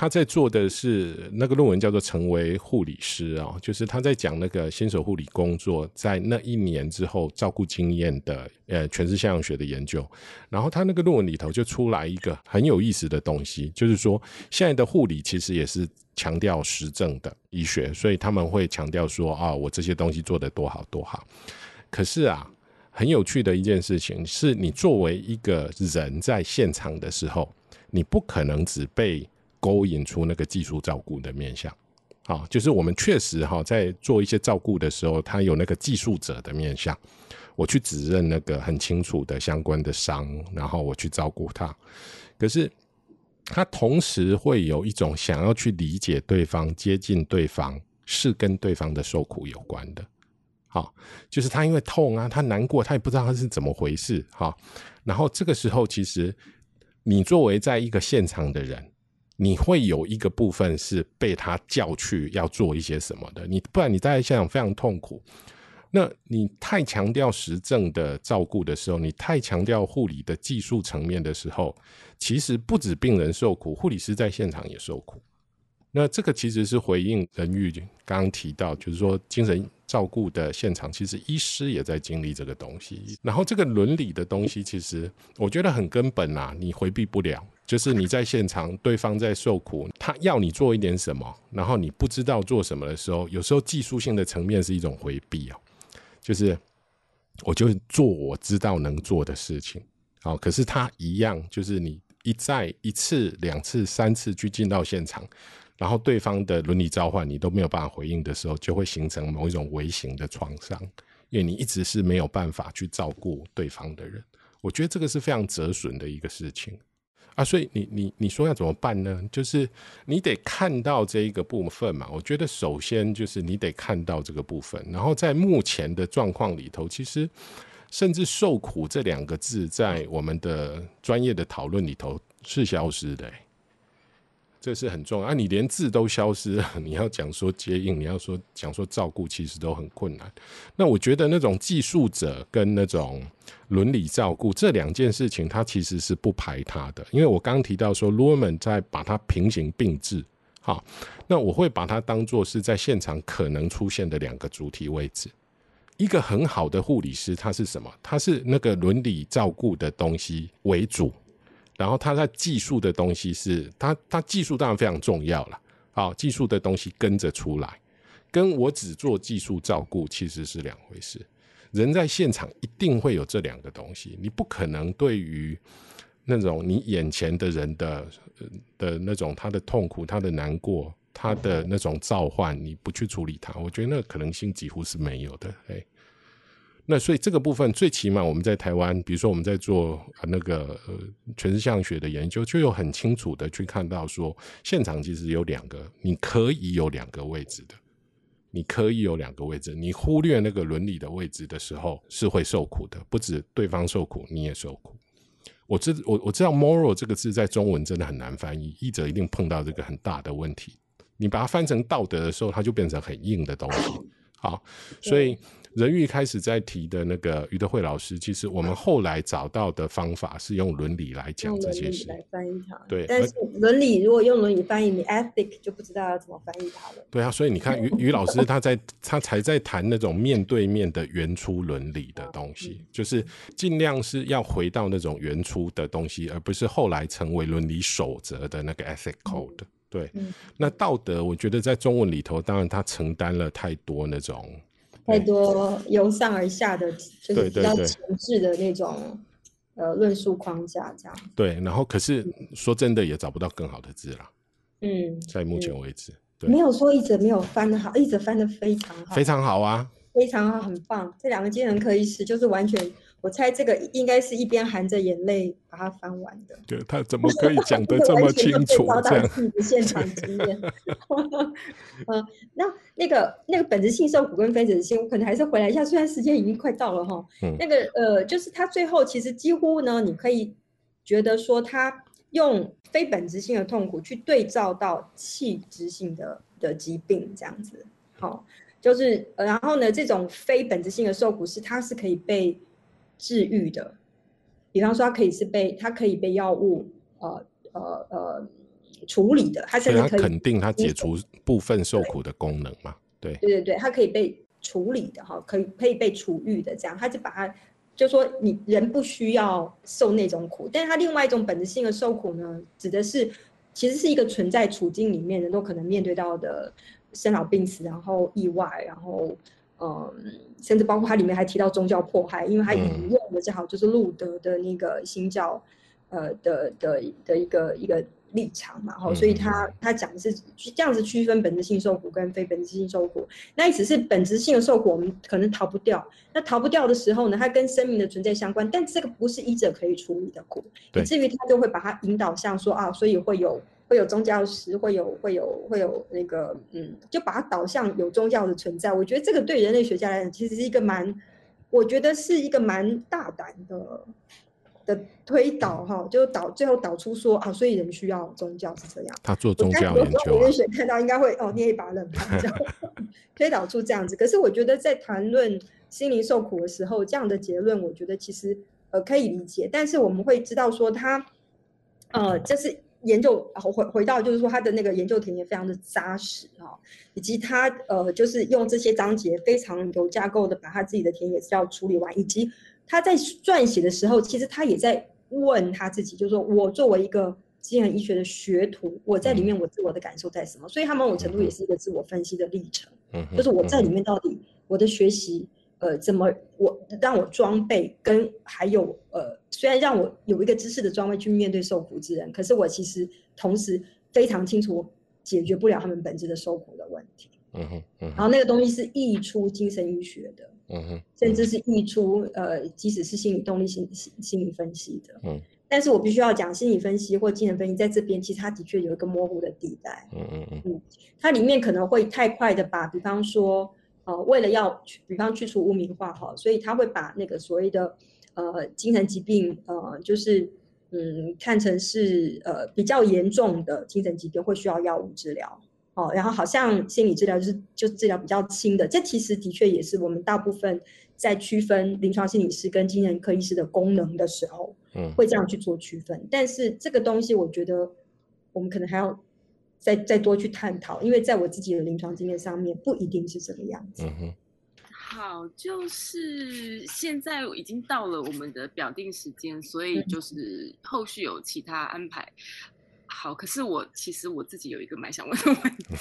他在做的是那個論文叫做《成為護理師、哦》啊，就是他在講那個新手護理工作，在那一年之後照顧經驗的呃詮釋現象學的研究。然後他那個論文裡頭就出來一個很有意思的東西，就是說現在的護理其實也是強調實證的醫學，所以他們會強調說啊、哦，我這些東西做得多好多好。可是啊，很有趣的一件事情是，你作為一個人在現場的時候，你不可能只被。勾引出那個技術照顧的面向，好，就是我們確實哈在做一些照顧的時候，他有那個技術者的面向，我去指認那個很清楚的相關的傷，然後我去照顧他。可是他同時會有一種想要去理解對方、接近對方，是跟對方的受苦有關的。好，就是他因為痛啊，他難過，他也不知道他是怎麼回事哈。然後這個時候，其實你作為在一個現場的人。你會有一個部分是被他叫去要做一些什麼的，你不然你在現場非常痛苦。那你太強調實證的照顧的時候，你太強調護理的技術層面的時候，其實不止病人受苦，護理師在現場也受苦。那這個其實是回應仁郁剛剛提到，就是說精神。照顧的現場，其實醫師也在經歷這個東西。然後這個倫理的東西，其實我覺得很根本啊。你回避不了。就是你在現場，對方在受苦，他要你做一點什麼，然後你不知道做什麼的時候，有時候技術性的層面是一種回避啊、喔回避啊。就是我就是做我知道能做的事情，好，可是他一樣，就是你一再一次、兩次、三次去進到現場。然後對方的倫理召喚你都沒有辦法回應的時候，就會形成某一種微型的創傷，因為你一直是沒有辦法去照顧對方的人。我覺得這個是非常折損的一個事情啊！所以你你你說要怎麼辦呢？就是你得看到這一個部分嘛。我覺得首先就是你得看到這個部分，然後在目前的狀況裡頭，其實甚至受苦這兩個字在我們的專業的討論裡頭是消失的、欸。這是很重要啊！你連字都消失了，你要講說接應，你要說講說照顧，其實都很困難。那我覺得那種技術者跟那種倫理照顧這兩件事情，它其實是不排他的。因為我剛提到說，羅曼在把它平行並置。那我會把它當作是在現場可能出現的兩個主體位置。一個很好的護理師，他是什麼？他是那個倫理照顧的東西為主。然後他在技術的東西是，他他技術當然非常重要了。好，技術的東西跟着出來，跟我只做技術照顧其實是兩回事。人在現場一定會有這兩個東西，你不可能對於那種你眼前的人的的那種他的痛苦、他的難過、他的那種召喚，你不去處理他，我覺得那可能性幾乎是沒有的。那所以這個部分，最起碼我們在台灣，比如說我們在做那個、呃、詮釋現象學的研究，就有很清楚的去看到說，現場其實有兩個，你可以有兩個位置的，你可以有兩個位置。你忽略那個倫理的位置的時候，是會受苦的，不止對方受苦，你也受苦。我知我我知道，moral 這個字在中文真的很難翻譯，譯者一定碰到這個很大的問題。你把它翻成道德的時候，它就變成很硬的東西。 好，所以。嗯仁郁開始在提的那個余德慧老師，其實我們後來找到的方法是用倫理來講這些事。對，但是倫理如果用倫理翻譯，你 ethic 就不知道要怎麼翻譯它了。對啊，所以你看余余老師他在他才在談那種面對面的原初倫理的東西， 就是盡量是要回到那種原初的東西，而不是後來成為倫理守則的那個 ethic code，嗯。對，嗯，那道德我覺得在中文裡頭，當然他承擔了太多那種。太多由上而下的，就是比較程式的那種，對對對、呃，論述框架這樣。對，然後可是，嗯、說真的也找不到更好的字了。嗯，在目前為止，嗯，對，沒有說，一直沒有翻得好，一直翻得非常好。非常好啊，非常好，很棒。這兩個字很可以使，就是完全，我猜，這個應該是一邊含着眼淚把它翻完的。對，他怎麼可以講得這麼清楚這樣？嗯、 呃，那那個那個本質性受苦跟非本質性，我可能還是回來一下，雖然時間已經快到了哈、嗯。那個呃，就是他最後其實幾乎呢，你可以覺得說他用非本質性的痛苦去對照到器質性的的疾病這樣子。好，就是、呃、然後呢，這種非本質性的受苦是它是可以被。他治癒的，比方說可以是被他可以被藥物呃呃呃處理的，他甚至可以他肯定他解除部分受苦的功能嘛。對對對對，對，他可以被處理的哈，可以可以被除愈的，這樣他就把它就說你人不需要受那種苦，但是他另外一種本質性的受苦呢，指的是其實是一個存在處境裡面人都可能面對到的生老病死，然後意外，然後。嗯、呃，甚至包括它裡面還提到宗教迫害，因為它引用的正好就是路德的那個新教，呃的的的一個一個立場嘛，哈、嗯嗯嗯，所以他他講的是這樣子區分本質性受苦跟非本質性受苦，那只是本質性的受苦我們可能逃不掉，那逃不掉的時候呢，它跟生命的存在相關，但這個不是醫者可以處理的苦，以至於他就會把它引導向說啊，所以會有。會有宗教史，會有會有會有那個，嗯，就把它導向有宗教的存在。我覺得這個對人類學家來講，其實是一個蠻，我覺得是一個蠻大膽的的推導哈、哦，就導最後導出說啊，所以人需要宗教是這樣。他做宗教研究、啊，我如果人類學家看到應該會哦捏一把冷汗， 推導出這樣子。可是我覺得在談論心靈受苦的時候，這樣的結論，我覺得其實呃可以理解。但是我們會知道說他呃這、就是。研究回，回到就是說他的那個研究田野非常的扎實啊，以及他呃就是用這些章節非常有架構的把他自己的田野要處理完，以及他在撰寫的時候，其實他也在問他自己，就是說我作為一個精神醫學的學徒，我在裡面我自我的感受在什麼，所以他某種程度也是一個自我分析的歷程，就是我在裡面到底我的學習。呃，怎麼我讓我裝備跟還有呃，雖然讓我有一個知識的裝備去面對受苦之人，可是我其實同時非常清楚，解決不了他們本質的受苦的問題嗯。嗯哼，然後那個東西是溢出精神醫學的。嗯哼，嗯哼甚至是溢出呃，即使是心理動力心心心理分析的。嗯，但是我必須要講，心理分析或精神分析在這邊，其實它的確有一個模糊的地帶。嗯嗯嗯，嗯，它裡面可能會太快的把，比方說。哦、呃，為了要去，比方去除污名化哈，所以他會把那個所謂的，呃，精神疾病，呃，就是，嗯，看成是呃比較嚴重的精神疾病，會需要藥物治療，哦，然後好像心理治療就是就治療比較輕的，這其實的確也是我們大部分在區分臨床心理師跟精神科醫師的功能的時候，嗯，會這樣去做區分，但是這個東西我覺得，我們可能還要。再再多去探討，因為在我自己的臨床經驗上面，不一定是這個樣子。嗯。好，就是現在已經到了我們的表定時間，所以就是後續有其他安排。嗯。好，可是我其實我自己有一個蠻想問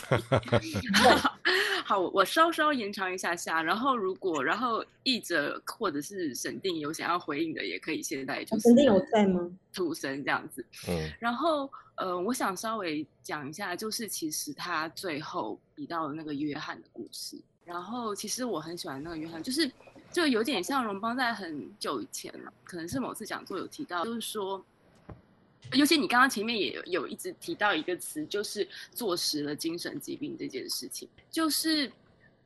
的問題。 對 好，我稍稍延長一下下，然後如果然後譯者或者是審定有想要回應的，也可以現在，就是審定有在嗎？出聲這樣子。嗯、啊，然後呃，我想稍微講一下，就是其實他最後提到那個約翰的故事，然後其實我很喜歡那個約翰，就是就有點像榮邦在很久以前了，可能是某次講座有提到，就是說。尤其你剛剛前面也有有一直提到一個詞，就是坐實了精神疾病這件事情，就是，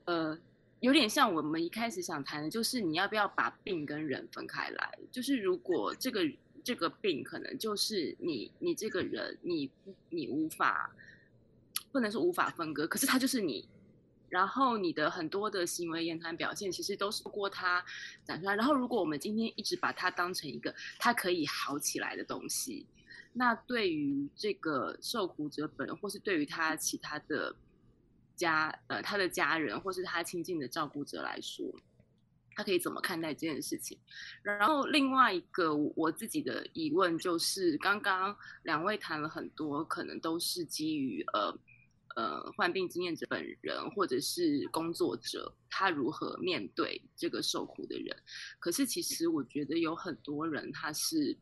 呃，有點像我們一開始想談的，就是你要不要把病跟人分開來？就是如果這個這個病可能就是你你這個人，你你無法不能說無法分割，可是他就是你，然後你的很多的行為、言談、表現，其實都是通過他展開，然後如果我們今天一直把它當成一個它可以好起來的東西。那對於這個受苦者本人，或是對於他其他的家呃他的家人，或是他親近的照顧者來說，他可以怎麼看待這件事情？然後另外一個我自己的疑問就是，剛剛兩位談了很多，可能都是基於呃呃患病經驗者本人，或者是工作者他如何面對這個受苦的人。可是其實我覺得有很多人他是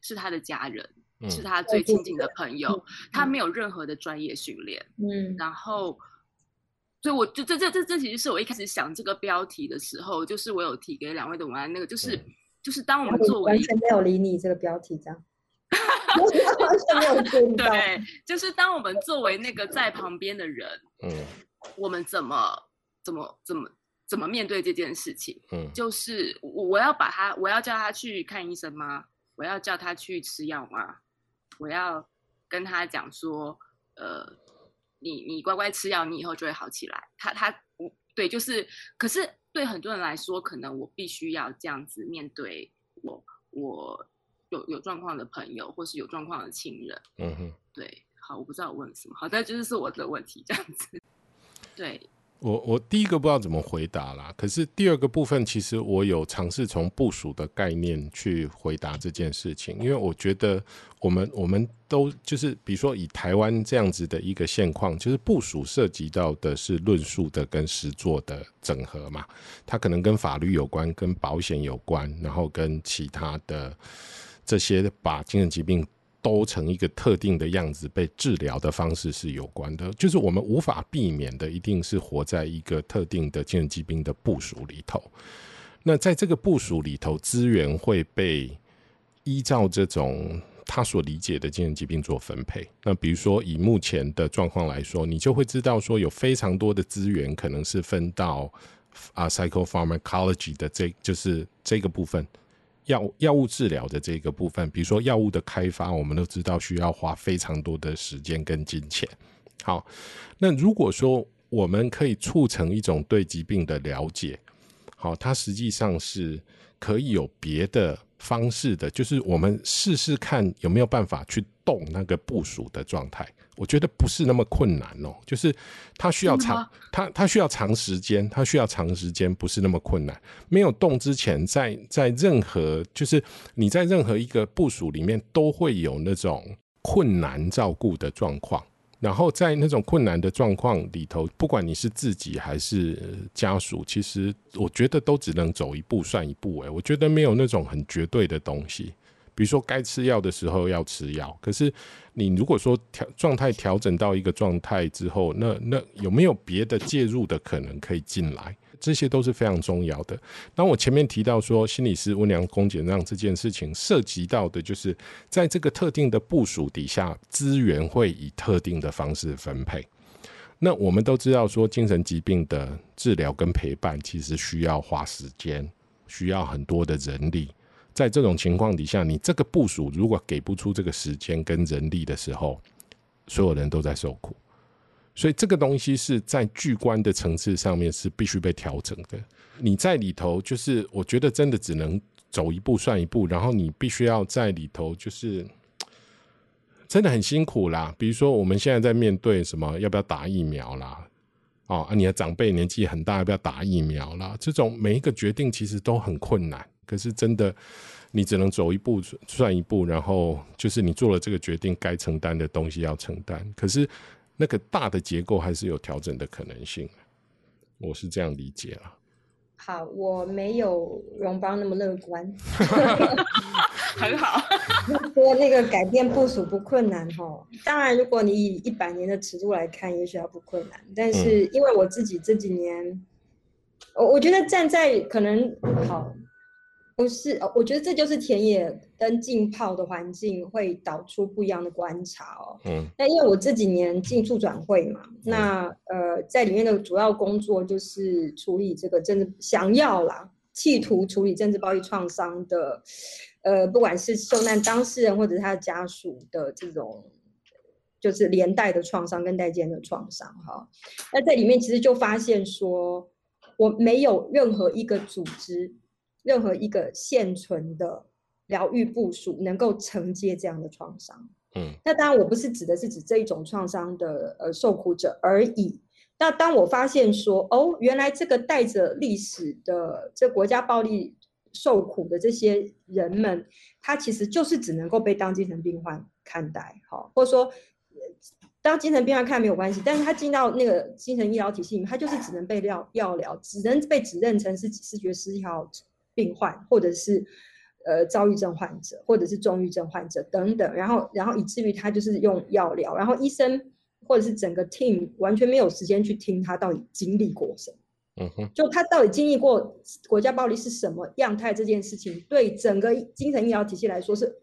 是他的家人。是他最親近的朋友，嗯對對對嗯嗯，他沒有任何的專業訓練，嗯，然後，所以我就這這這這其實是我一開始想這個標題的時候，就是我有提給兩位的文案那個，就是、嗯、就是當我們作為完全沒有理你這個標題這樣，完全沒有對，就是當我們作為那個在旁邊的人，嗯，我們怎麼怎麼怎麼怎麼面對這件事情？嗯，就是我我要把他，我要叫他去看醫生嗎？我要叫他去吃藥嗎？我要跟他講說，呃，你你乖乖吃藥，你以後就會好起來。他他，我對，就是，可是對很多人來說，可能我必須要這樣子面對我我有有狀況的朋友，或是有狀況的親人。嗯哼，對，好，我不知道我問了什麼，好，這就是是我的問題，這樣子，對。我我第一個不知道怎麼回答啦，可是第二個部分其實我有嘗試從部署的概念去回答這件事情，因為我覺得我們我們都就是比如說以台灣這樣子的一個現況，就是部署涉及到的是論述的跟實作的整合嘛，它可能跟法律有關，跟保險有關，然後跟其他的這些把精神疾病。都成一個特定的樣子，被治療的方式是有關的，就是我們無法避免的，一定是活在一個特定的精神疾病的部署裡頭。那在這個部署裡頭，資源會被依照這種他所理解的精神疾病做分配。那比如說，以目前的狀況來說，你就會知道說，有非常多的資源可能是分到啊，psychopharmacology 的這就是這個部分。藥藥物治療的這個部分，比如說藥物的開發，我們都知道需要花非常多的時間跟金錢。好，那如果說我們可以促成一種對疾病的了解，好，它實際上是可以有別的。方式的，就是我們試試看有沒有辦法去動那個部署的狀態。我覺得不是那麼困難哦，就是它需要長，它，它需要長時間，它需要長時間，不是那麼困難。沒有動之前在，在在任何，就是你在任何一個部署裡面都會有那種困難照顧的狀況。然後在那種困難的狀況裡頭，不管你是自己還是家屬，其實我覺得都只能走一步算一步、欸。哎，我覺得沒有那種很絕對的東西。比如說該吃藥的時候要吃藥，可是你如果說調狀態調整到一個狀態之後，那那有沒有別的介入的可能可以進來？這些都是非常重要的。那我前面提到說，心理師溫良恭儉讓這件事情，涉及到的就是在這個特定的部署底下，資源會以特定的方式分配。那我們都知道說，精神疾病的治療跟陪伴，其實需要花時間，需要很多的人力。在這種情況底下，你這個部署如果給不出這個時間跟人力的時候，所有人都在受苦。所以這個東西是在巨觀的層次上面是必須被調整的。你在裡頭，就是我覺得真的只能走一步算一步，然後你必須要在裡頭，就是真的很辛苦啦。比如說我們現在在面對什麼，要不要打疫苗啦？哦啊，你的長輩年紀很大，要不要打疫苗啦，這種每一個決定其實都很困難。可是真的，你只能走一步算一步，然後就是你做了這個決定，該承擔的東西要承擔。可是。那個大的結構還是有調整的可能性，我是這樣理解了、啊。好，我沒有榮邦那麼樂觀，很好。說那個改變部署不困難、哦、當然如果你以一百年的尺度來看，也許它不困難。但是因為我自己這幾年，我我覺得站在可能不好。嗯不是，我覺得這就是田野跟浸泡的環境會導出不一樣的觀察哦。嗯，那因為我這幾年進促轉會嘛，嗯、那呃，在裡面的主要工作就是處理這個政治想要啦，企圖處理政治暴力創傷的，呃，不管是受難當事人或者是他的家屬的這種，就是連帶的創傷跟代際的創傷哈、哦。那在裡面其實就發現說，我沒有任何一個組織。任何一個現存的療癒部署能夠承接這樣的創傷，嗯，那當然我不是指的是指這一種創傷的呃受苦者而已。那當我發現說，哦，原來這個帶着歷史的這國家暴力受苦的這些人們，他其實就是只能夠被當精神病患看待，好、哦，或者說當精神病患看沒有關係，但是他進到那個精神醫療體系裡面，他就是只能被藥藥療，只能被指認成是思覺失調，病患，或者是呃，躁鬱症患者，或者是重鬱症患者等等，然後，然後以至於他就是用藥療，然後醫生或者是整個 team 完全沒有時間去聽他到底經歷過什麼，嗯哼，就他到底經歷過國家暴力是什麼樣態這件事情，對整個精神醫療體系來說是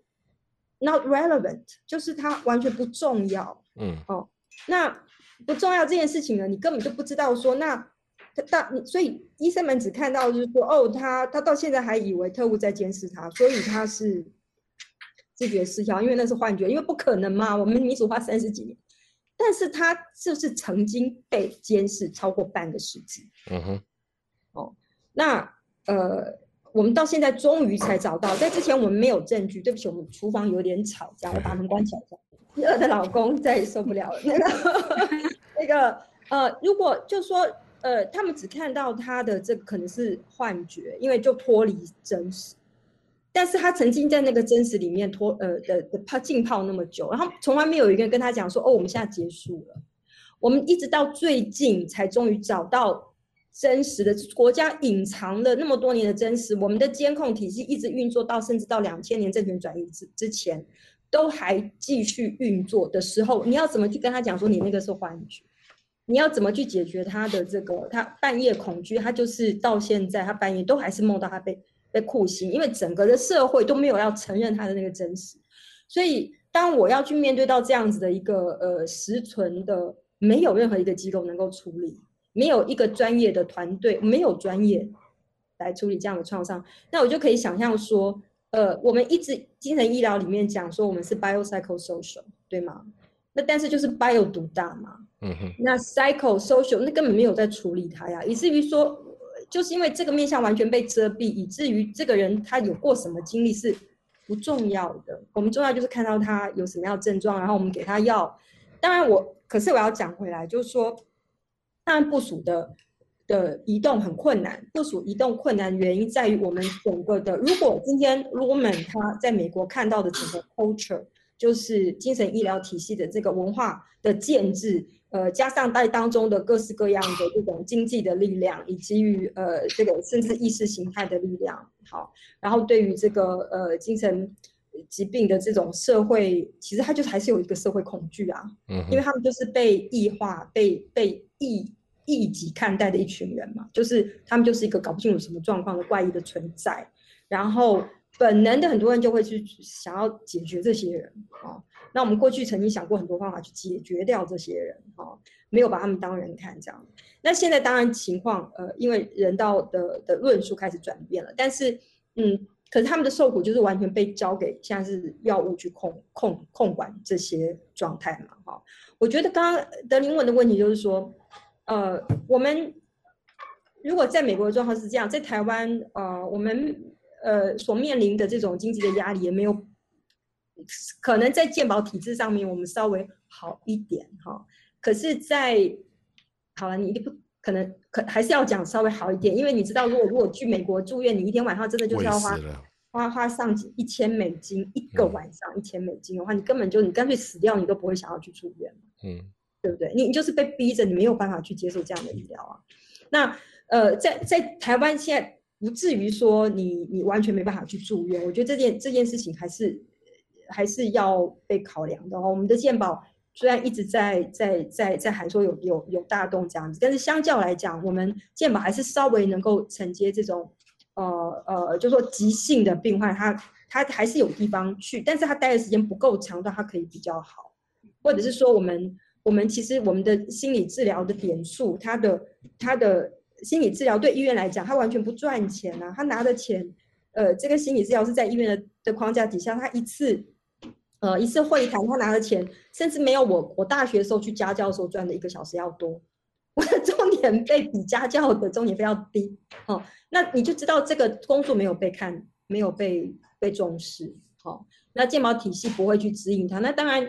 not relevant，就是它完全不重要，嗯，哦，那不重要這件事情呢，你根本就不知道說那。他大所以醫生們只看到就是說，哦，他他到現在還以為特務在監視他，所以他是思覺失調，因為那是幻覺，因為不可能嘛。我們民主化三十幾年，但是他是不是曾經被監視超過半個世紀？嗯哼。哦，那呃，我們到現在終於才找到，在之前我們沒有證據。對不起，我們廚房有點吵，這樣我把門關起來。二、嗯、的老公再也受不了，了 那個呵呵那個呃，如果就說。呃，他們只看到他的這可能是幻覺，因為就脫離真實。但是他曾經在那個真實裡面脫呃的的泡浸泡那麼久，然後從來沒有一個人跟他講說，哦，我們現在結束了。我們一直到最近才終於找到真實的，國家隱藏了那麼多年的真實。我們的監控體系一直運作到甚至到兩千年政權轉移之之前，都還繼續運作的時候，你要怎麼去跟他講說你那個是幻覺？你要怎麼去解決他的這個？他半夜恐懼，他就是到現在，他半夜都還是夢到他被被酷刑，因為整個的社會都沒有要承認他的那個真實。所以，當我要去面對到這樣子的一個呃實存的，沒有任何一個機構能夠處理，沒有一個專業的團隊，沒有專業來處理這樣的創傷，那我就可以想象說，呃，我們一直精神醫療裡面講說，我們是 biopsychosocial，對嗎？那但是就是 bio 獨大嘛，嗯、那 psycho social 那根本沒有在處理它呀，以至於說，就是因為這個面向完全被遮蔽，以至於這個人他有過什麼經歷是不重要的，我們重要就是看到他有什麼樣的症狀，然後我們給他藥。當然我，可是我要講回來，就是說，當然部署的的移動很困難，部署移動困難原因在於我們整個的，如果今天 Roman 他在美國看到的整個 culture。就是精神醫療體系的這個文化的建制，呃，加上在當中的各式各樣的這種經濟的力量，以及於呃這個甚至意識形態的力量，好，然後對於這個呃精神疾病的這種社會，其實它就還是有一個社會恐懼啊，因為他們就是被異化、被被異異己看待的一群人嘛，就是他們就是一個搞不清楚什麼狀況的怪異的存在，然後。本能的很多人就會去想要解決這些人，那我們過去曾經想過很多方法去解決掉這些人啊，沒有把他們當人看這樣。那現在當然情況，呃，因為人道的的論述開始轉變了，但是嗯，可是他們的受苦就是完全被交給現在是藥物去控控控管這些狀態嘛，哈。我覺得剛剛德林文的問題就是說，呃，我們如果在美國的狀況是這樣，在台灣，呃，我們。呃，所面臨的這種經濟的壓力也沒有，可能在健保體制上面我們稍微好一點哈。可是在，在好了，啊，你一定不可能，可還是要講稍微好一點，因為你知道，如果如果去美國住院，你一天晚上真的就是要花是花花上幾一千美金一個晚上，一千美金的話，嗯，你根本就你乾脆死掉，你都不會想要去住院，嗯，對不對？你你就是被逼着，你沒有辦法去接受這樣的醫療啊。嗯，那呃，在在台灣現在。不至於說你你完全沒辦法去住院，我覺得這件這件事情還是還是要被考量的哦。我們的健保雖然一直在在在在喊說有有有大洞這樣子，但是相較來講，我們健保還是稍微能夠承接這種，呃呃，就說急性的病患，他他還是有地方去，但是他待的時間不夠長到，他可以比較好，或者是說我們我們其實我們的心理治療的點數，它的它的。心理治療對醫院來講，他完全不賺錢啊，他拿的錢，呃，這個心理治療是在醫院的的框架底下，他一次，呃，一次會談，他拿的錢甚至沒有我我大學時候去家教的時候賺的一個小時要多，我的中介費比家教的中介費要低，哦。那你就知道這個工作沒有被看，沒有被被重視。好，哦，那健保體系不會去指引他。那當然，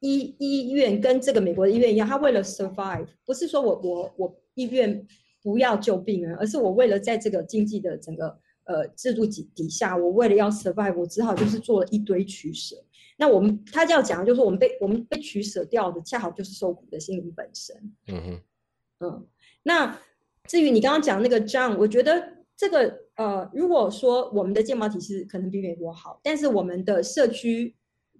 醫醫院跟這個美國的醫院一樣，他為了 survive，不是說我我我醫院。不要救病人，而是我為了在這個經濟的整個呃制度底底下，我為了要 survive，我只好就是做了一堆取舍。那我們他這樣講就是我們被我們被取捨掉的，恰好就是受苦的心靈本身。嗯嗯。那至於你剛剛講的那個 John 我覺得這個呃，如果說我們的健保體系可能比美國好，但是我們的社區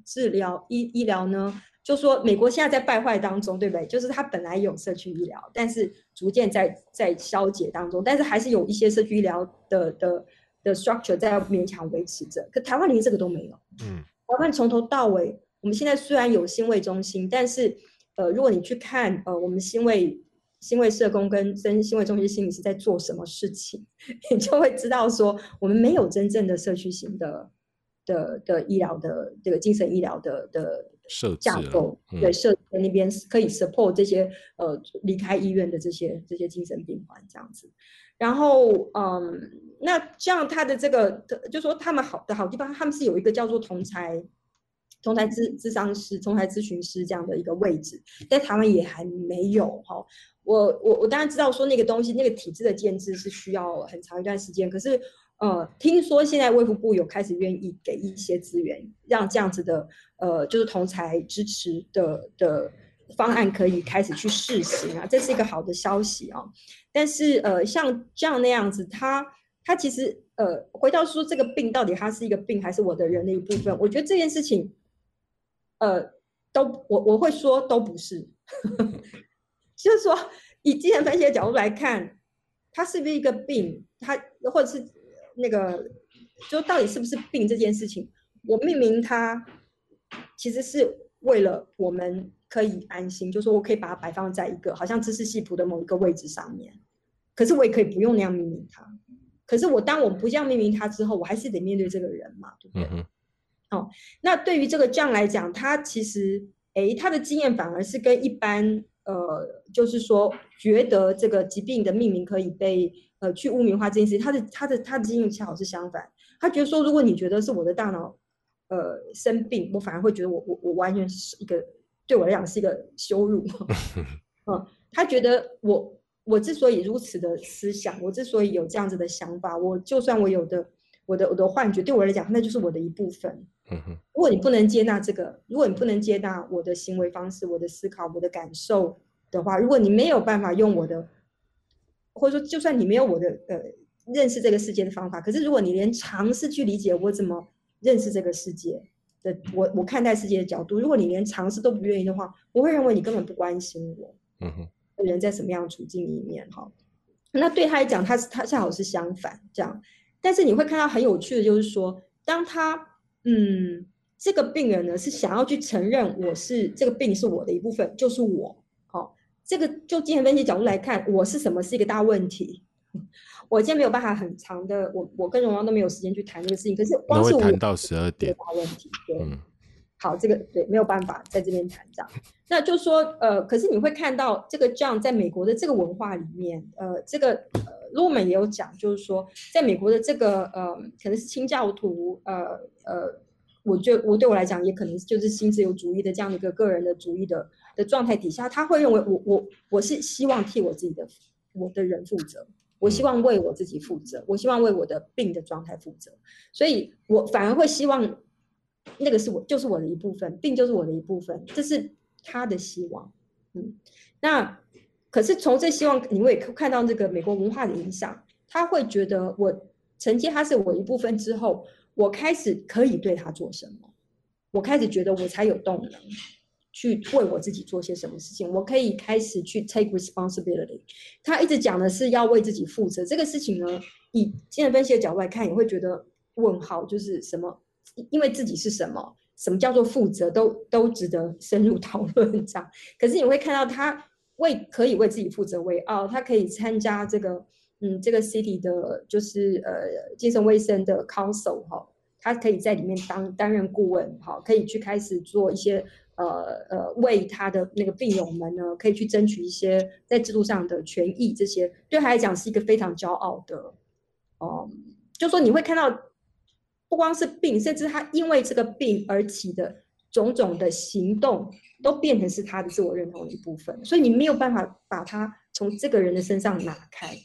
治療醫醫療呢？就說美國現在在敗壞當中，對不對？就是它本來有社區醫療，但是逐漸在在消解當中，但是還是有一些社區醫療的的的 structure 在要勉強維持着。可台灣連這個都沒有。嗯，台灣從頭到尾，我們現在雖然有心衛中心，但是呃，如果你去看呃我們心衛心衛社工跟跟心衛中心心理師在做什麼事情，你就會知道說我們沒有真正的社區型的。的的醫療的這個精神醫療的的架構，對、嗯、設在那邊可以 support 這些呃離開醫院的這些這些精神病患這樣子，然後嗯，那像他的這個，就說他們好的好地方，他們是有一個叫做同儕同儕諮諮商師、同儕諮詢師這樣的一個位置，在台灣也還沒有齁。我我我當然知道說那個東西那個體制的建制是需要很長一段時間，可是。呃，聽說現在衛福部有開始願意給一些資源，讓這樣子的呃，就是同才支持的的方案可以開始去試行啊，這是一個好的消息哦、啊。但是呃，像這樣那樣子，他他其實呃，回到說這個病到底他是一個病還是我的人的一部分，我覺得這件事情呃，都我我會說都不是， 就是說以精神分析的角度來看，他是不是一個病，他或者是。那個，就到底是不是病這件事情，我命名它，其實是為了我們可以安心，就是說我可以把它擺放在一個好像知識系譜的某一個位置上面。可是我也可以不用那樣命名它。可是我當我不這樣命名它之後，我還是得面對這個人嘛，對不對？嗯、哦，那對於這個將來講，他其實，哎，他的經驗反而是跟一般。呃，就是說，覺得這個疾病的命名可以被呃去污名化這件事情，他的他的他的經驗恰好是相反。他覺得說，如果你覺得是我的大腦，呃，生病，我反而會覺得我我我完全是一個對我來講是一個羞辱。他， 嗯，覺得我我之所以如此的思想，我之所以有這樣子的想法，我就算我有的。我的我的幻覺對我來講，那就是我的一部分。嗯哼，如果你不能接納這個，如果你不能接納我的行為方式、我的思考、我的感受的話，如果你沒有辦法用我的，或者說就算你沒有我的呃認識這個世界的方法，可是如果你連嘗試去理解我怎麼認識這個世界的，我我看待世界的角度，如果你連嘗試都不願意的話，我會認為你根本不關心我。嗯哼，人在什麼樣的處境裡面哈，那對他來講，他是他恰好是相反這樣。但是你會看到很有趣的，就是說，當他，嗯，這個病人呢是想要去承認我是這個病是我的一部分，就是我，好、哦，這個就精神分析角度來看，我是什麼是一個大問題。我今天沒有辦法很長的，我我跟榮邦都沒有時間去談這個事情，可是光是我們到十二點大問題對、嗯，好，這個對沒有辦法在這邊談這樣，那就說呃，可是你會看到這個 John 在美國的這個文化裡面，呃，這個。路美也有講，就是說，在美國的這個呃，可能是清教徒，呃呃，我就我對我來講，也可能就是新自由主義的這樣的一個個人的主義的的狀態底下，他會認為我我我是希望替我自己的我的人負責，我希望為我自己負責，我希望為我的病的狀態負責，所以我反而會希望那個是我就是我的一部分，病就是我的一部分，這是他的希望，嗯，那。可是從這，希望你會看到這個美國文化的影響，他會覺得我承接他是我一部分之後，我開始可以對他做什麼，我開始覺得我才有動能去為我自己做些什麼事情，我可以開始去 take responsibility。他一直講的是要為自己負責這個事情呢，以精神分析的角度來看，也會覺得問號就是什麼，因為自己是什麼，什麼叫做負責，都都值得深入討論一下。可是你會看到他。為可以為自己負責為傲、哦，他可以參加這個，嗯，這個 city 的就是呃，精神衛生的 council 哈、哦，他可以在裡面當擔任顧問好、哦，可以去開始做一些呃呃，為他的那個病友們呢，可以去爭取一些在制度上的權益這些，對他來講是一個非常驕傲的。哦，就說你會看到，不光是病，甚至他因為這個病而起的。種種的行動都變成是他的自我認同的一部分，所以你沒有辦法把他從這個人的身上拿開。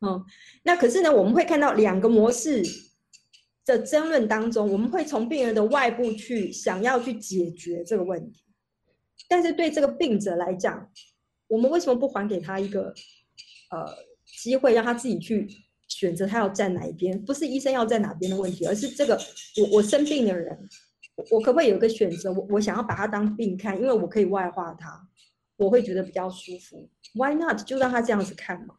嗯，那可是呢，我們會看到兩個模式的爭論當中，我們會從病人的外部去想要去解決這個問題，但是對這個病者來講，我們為什麼不還給他一個呃機會，讓他自己去選擇他要站哪一邊？不是醫生要站哪邊的問題，而是這個我我生病的人。我可不可以有個選擇？我我想要把它當病看，因為我可以外化他，我會覺得比較舒服。Why not？就讓他這樣子看嘛。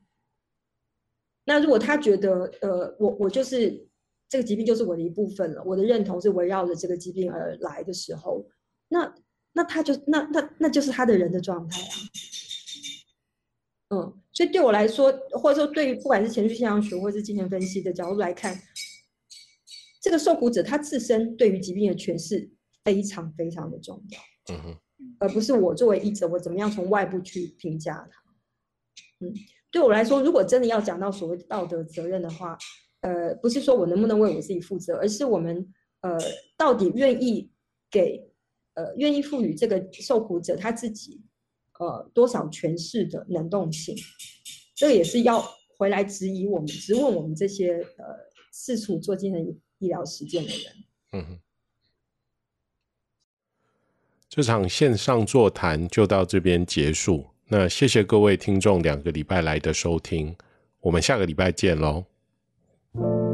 那如果他覺得呃，我我就是這個疾病就是我的一部分了，我的認同是圍繞着這個疾病而來的時候，那那他就那那那就是他的人的狀態啊。嗯，所以對我來說，或者說對於不管是情緒現象學或是精神分析的角度來看。這個受苦者他自身對於疾病的詮釋非常非常的重要，嗯哼，而不是我作為醫者，我怎麼樣從外部去評價他，嗯，對我來說，如果真的要講到所謂的道德責任的話，呃，不是說我能不能為我自己負責，而是我們呃到底願意給呃願意賦予這個受苦者他自己呃多少詮釋的能動性，這個也是要回來質疑我們，質問我們這些呃四處做精神醫療實踐的人，嗯，這場線上座談就到這邊結束。那謝謝各位聽眾兩個禮拜來的收聽，我們下個禮拜見囉。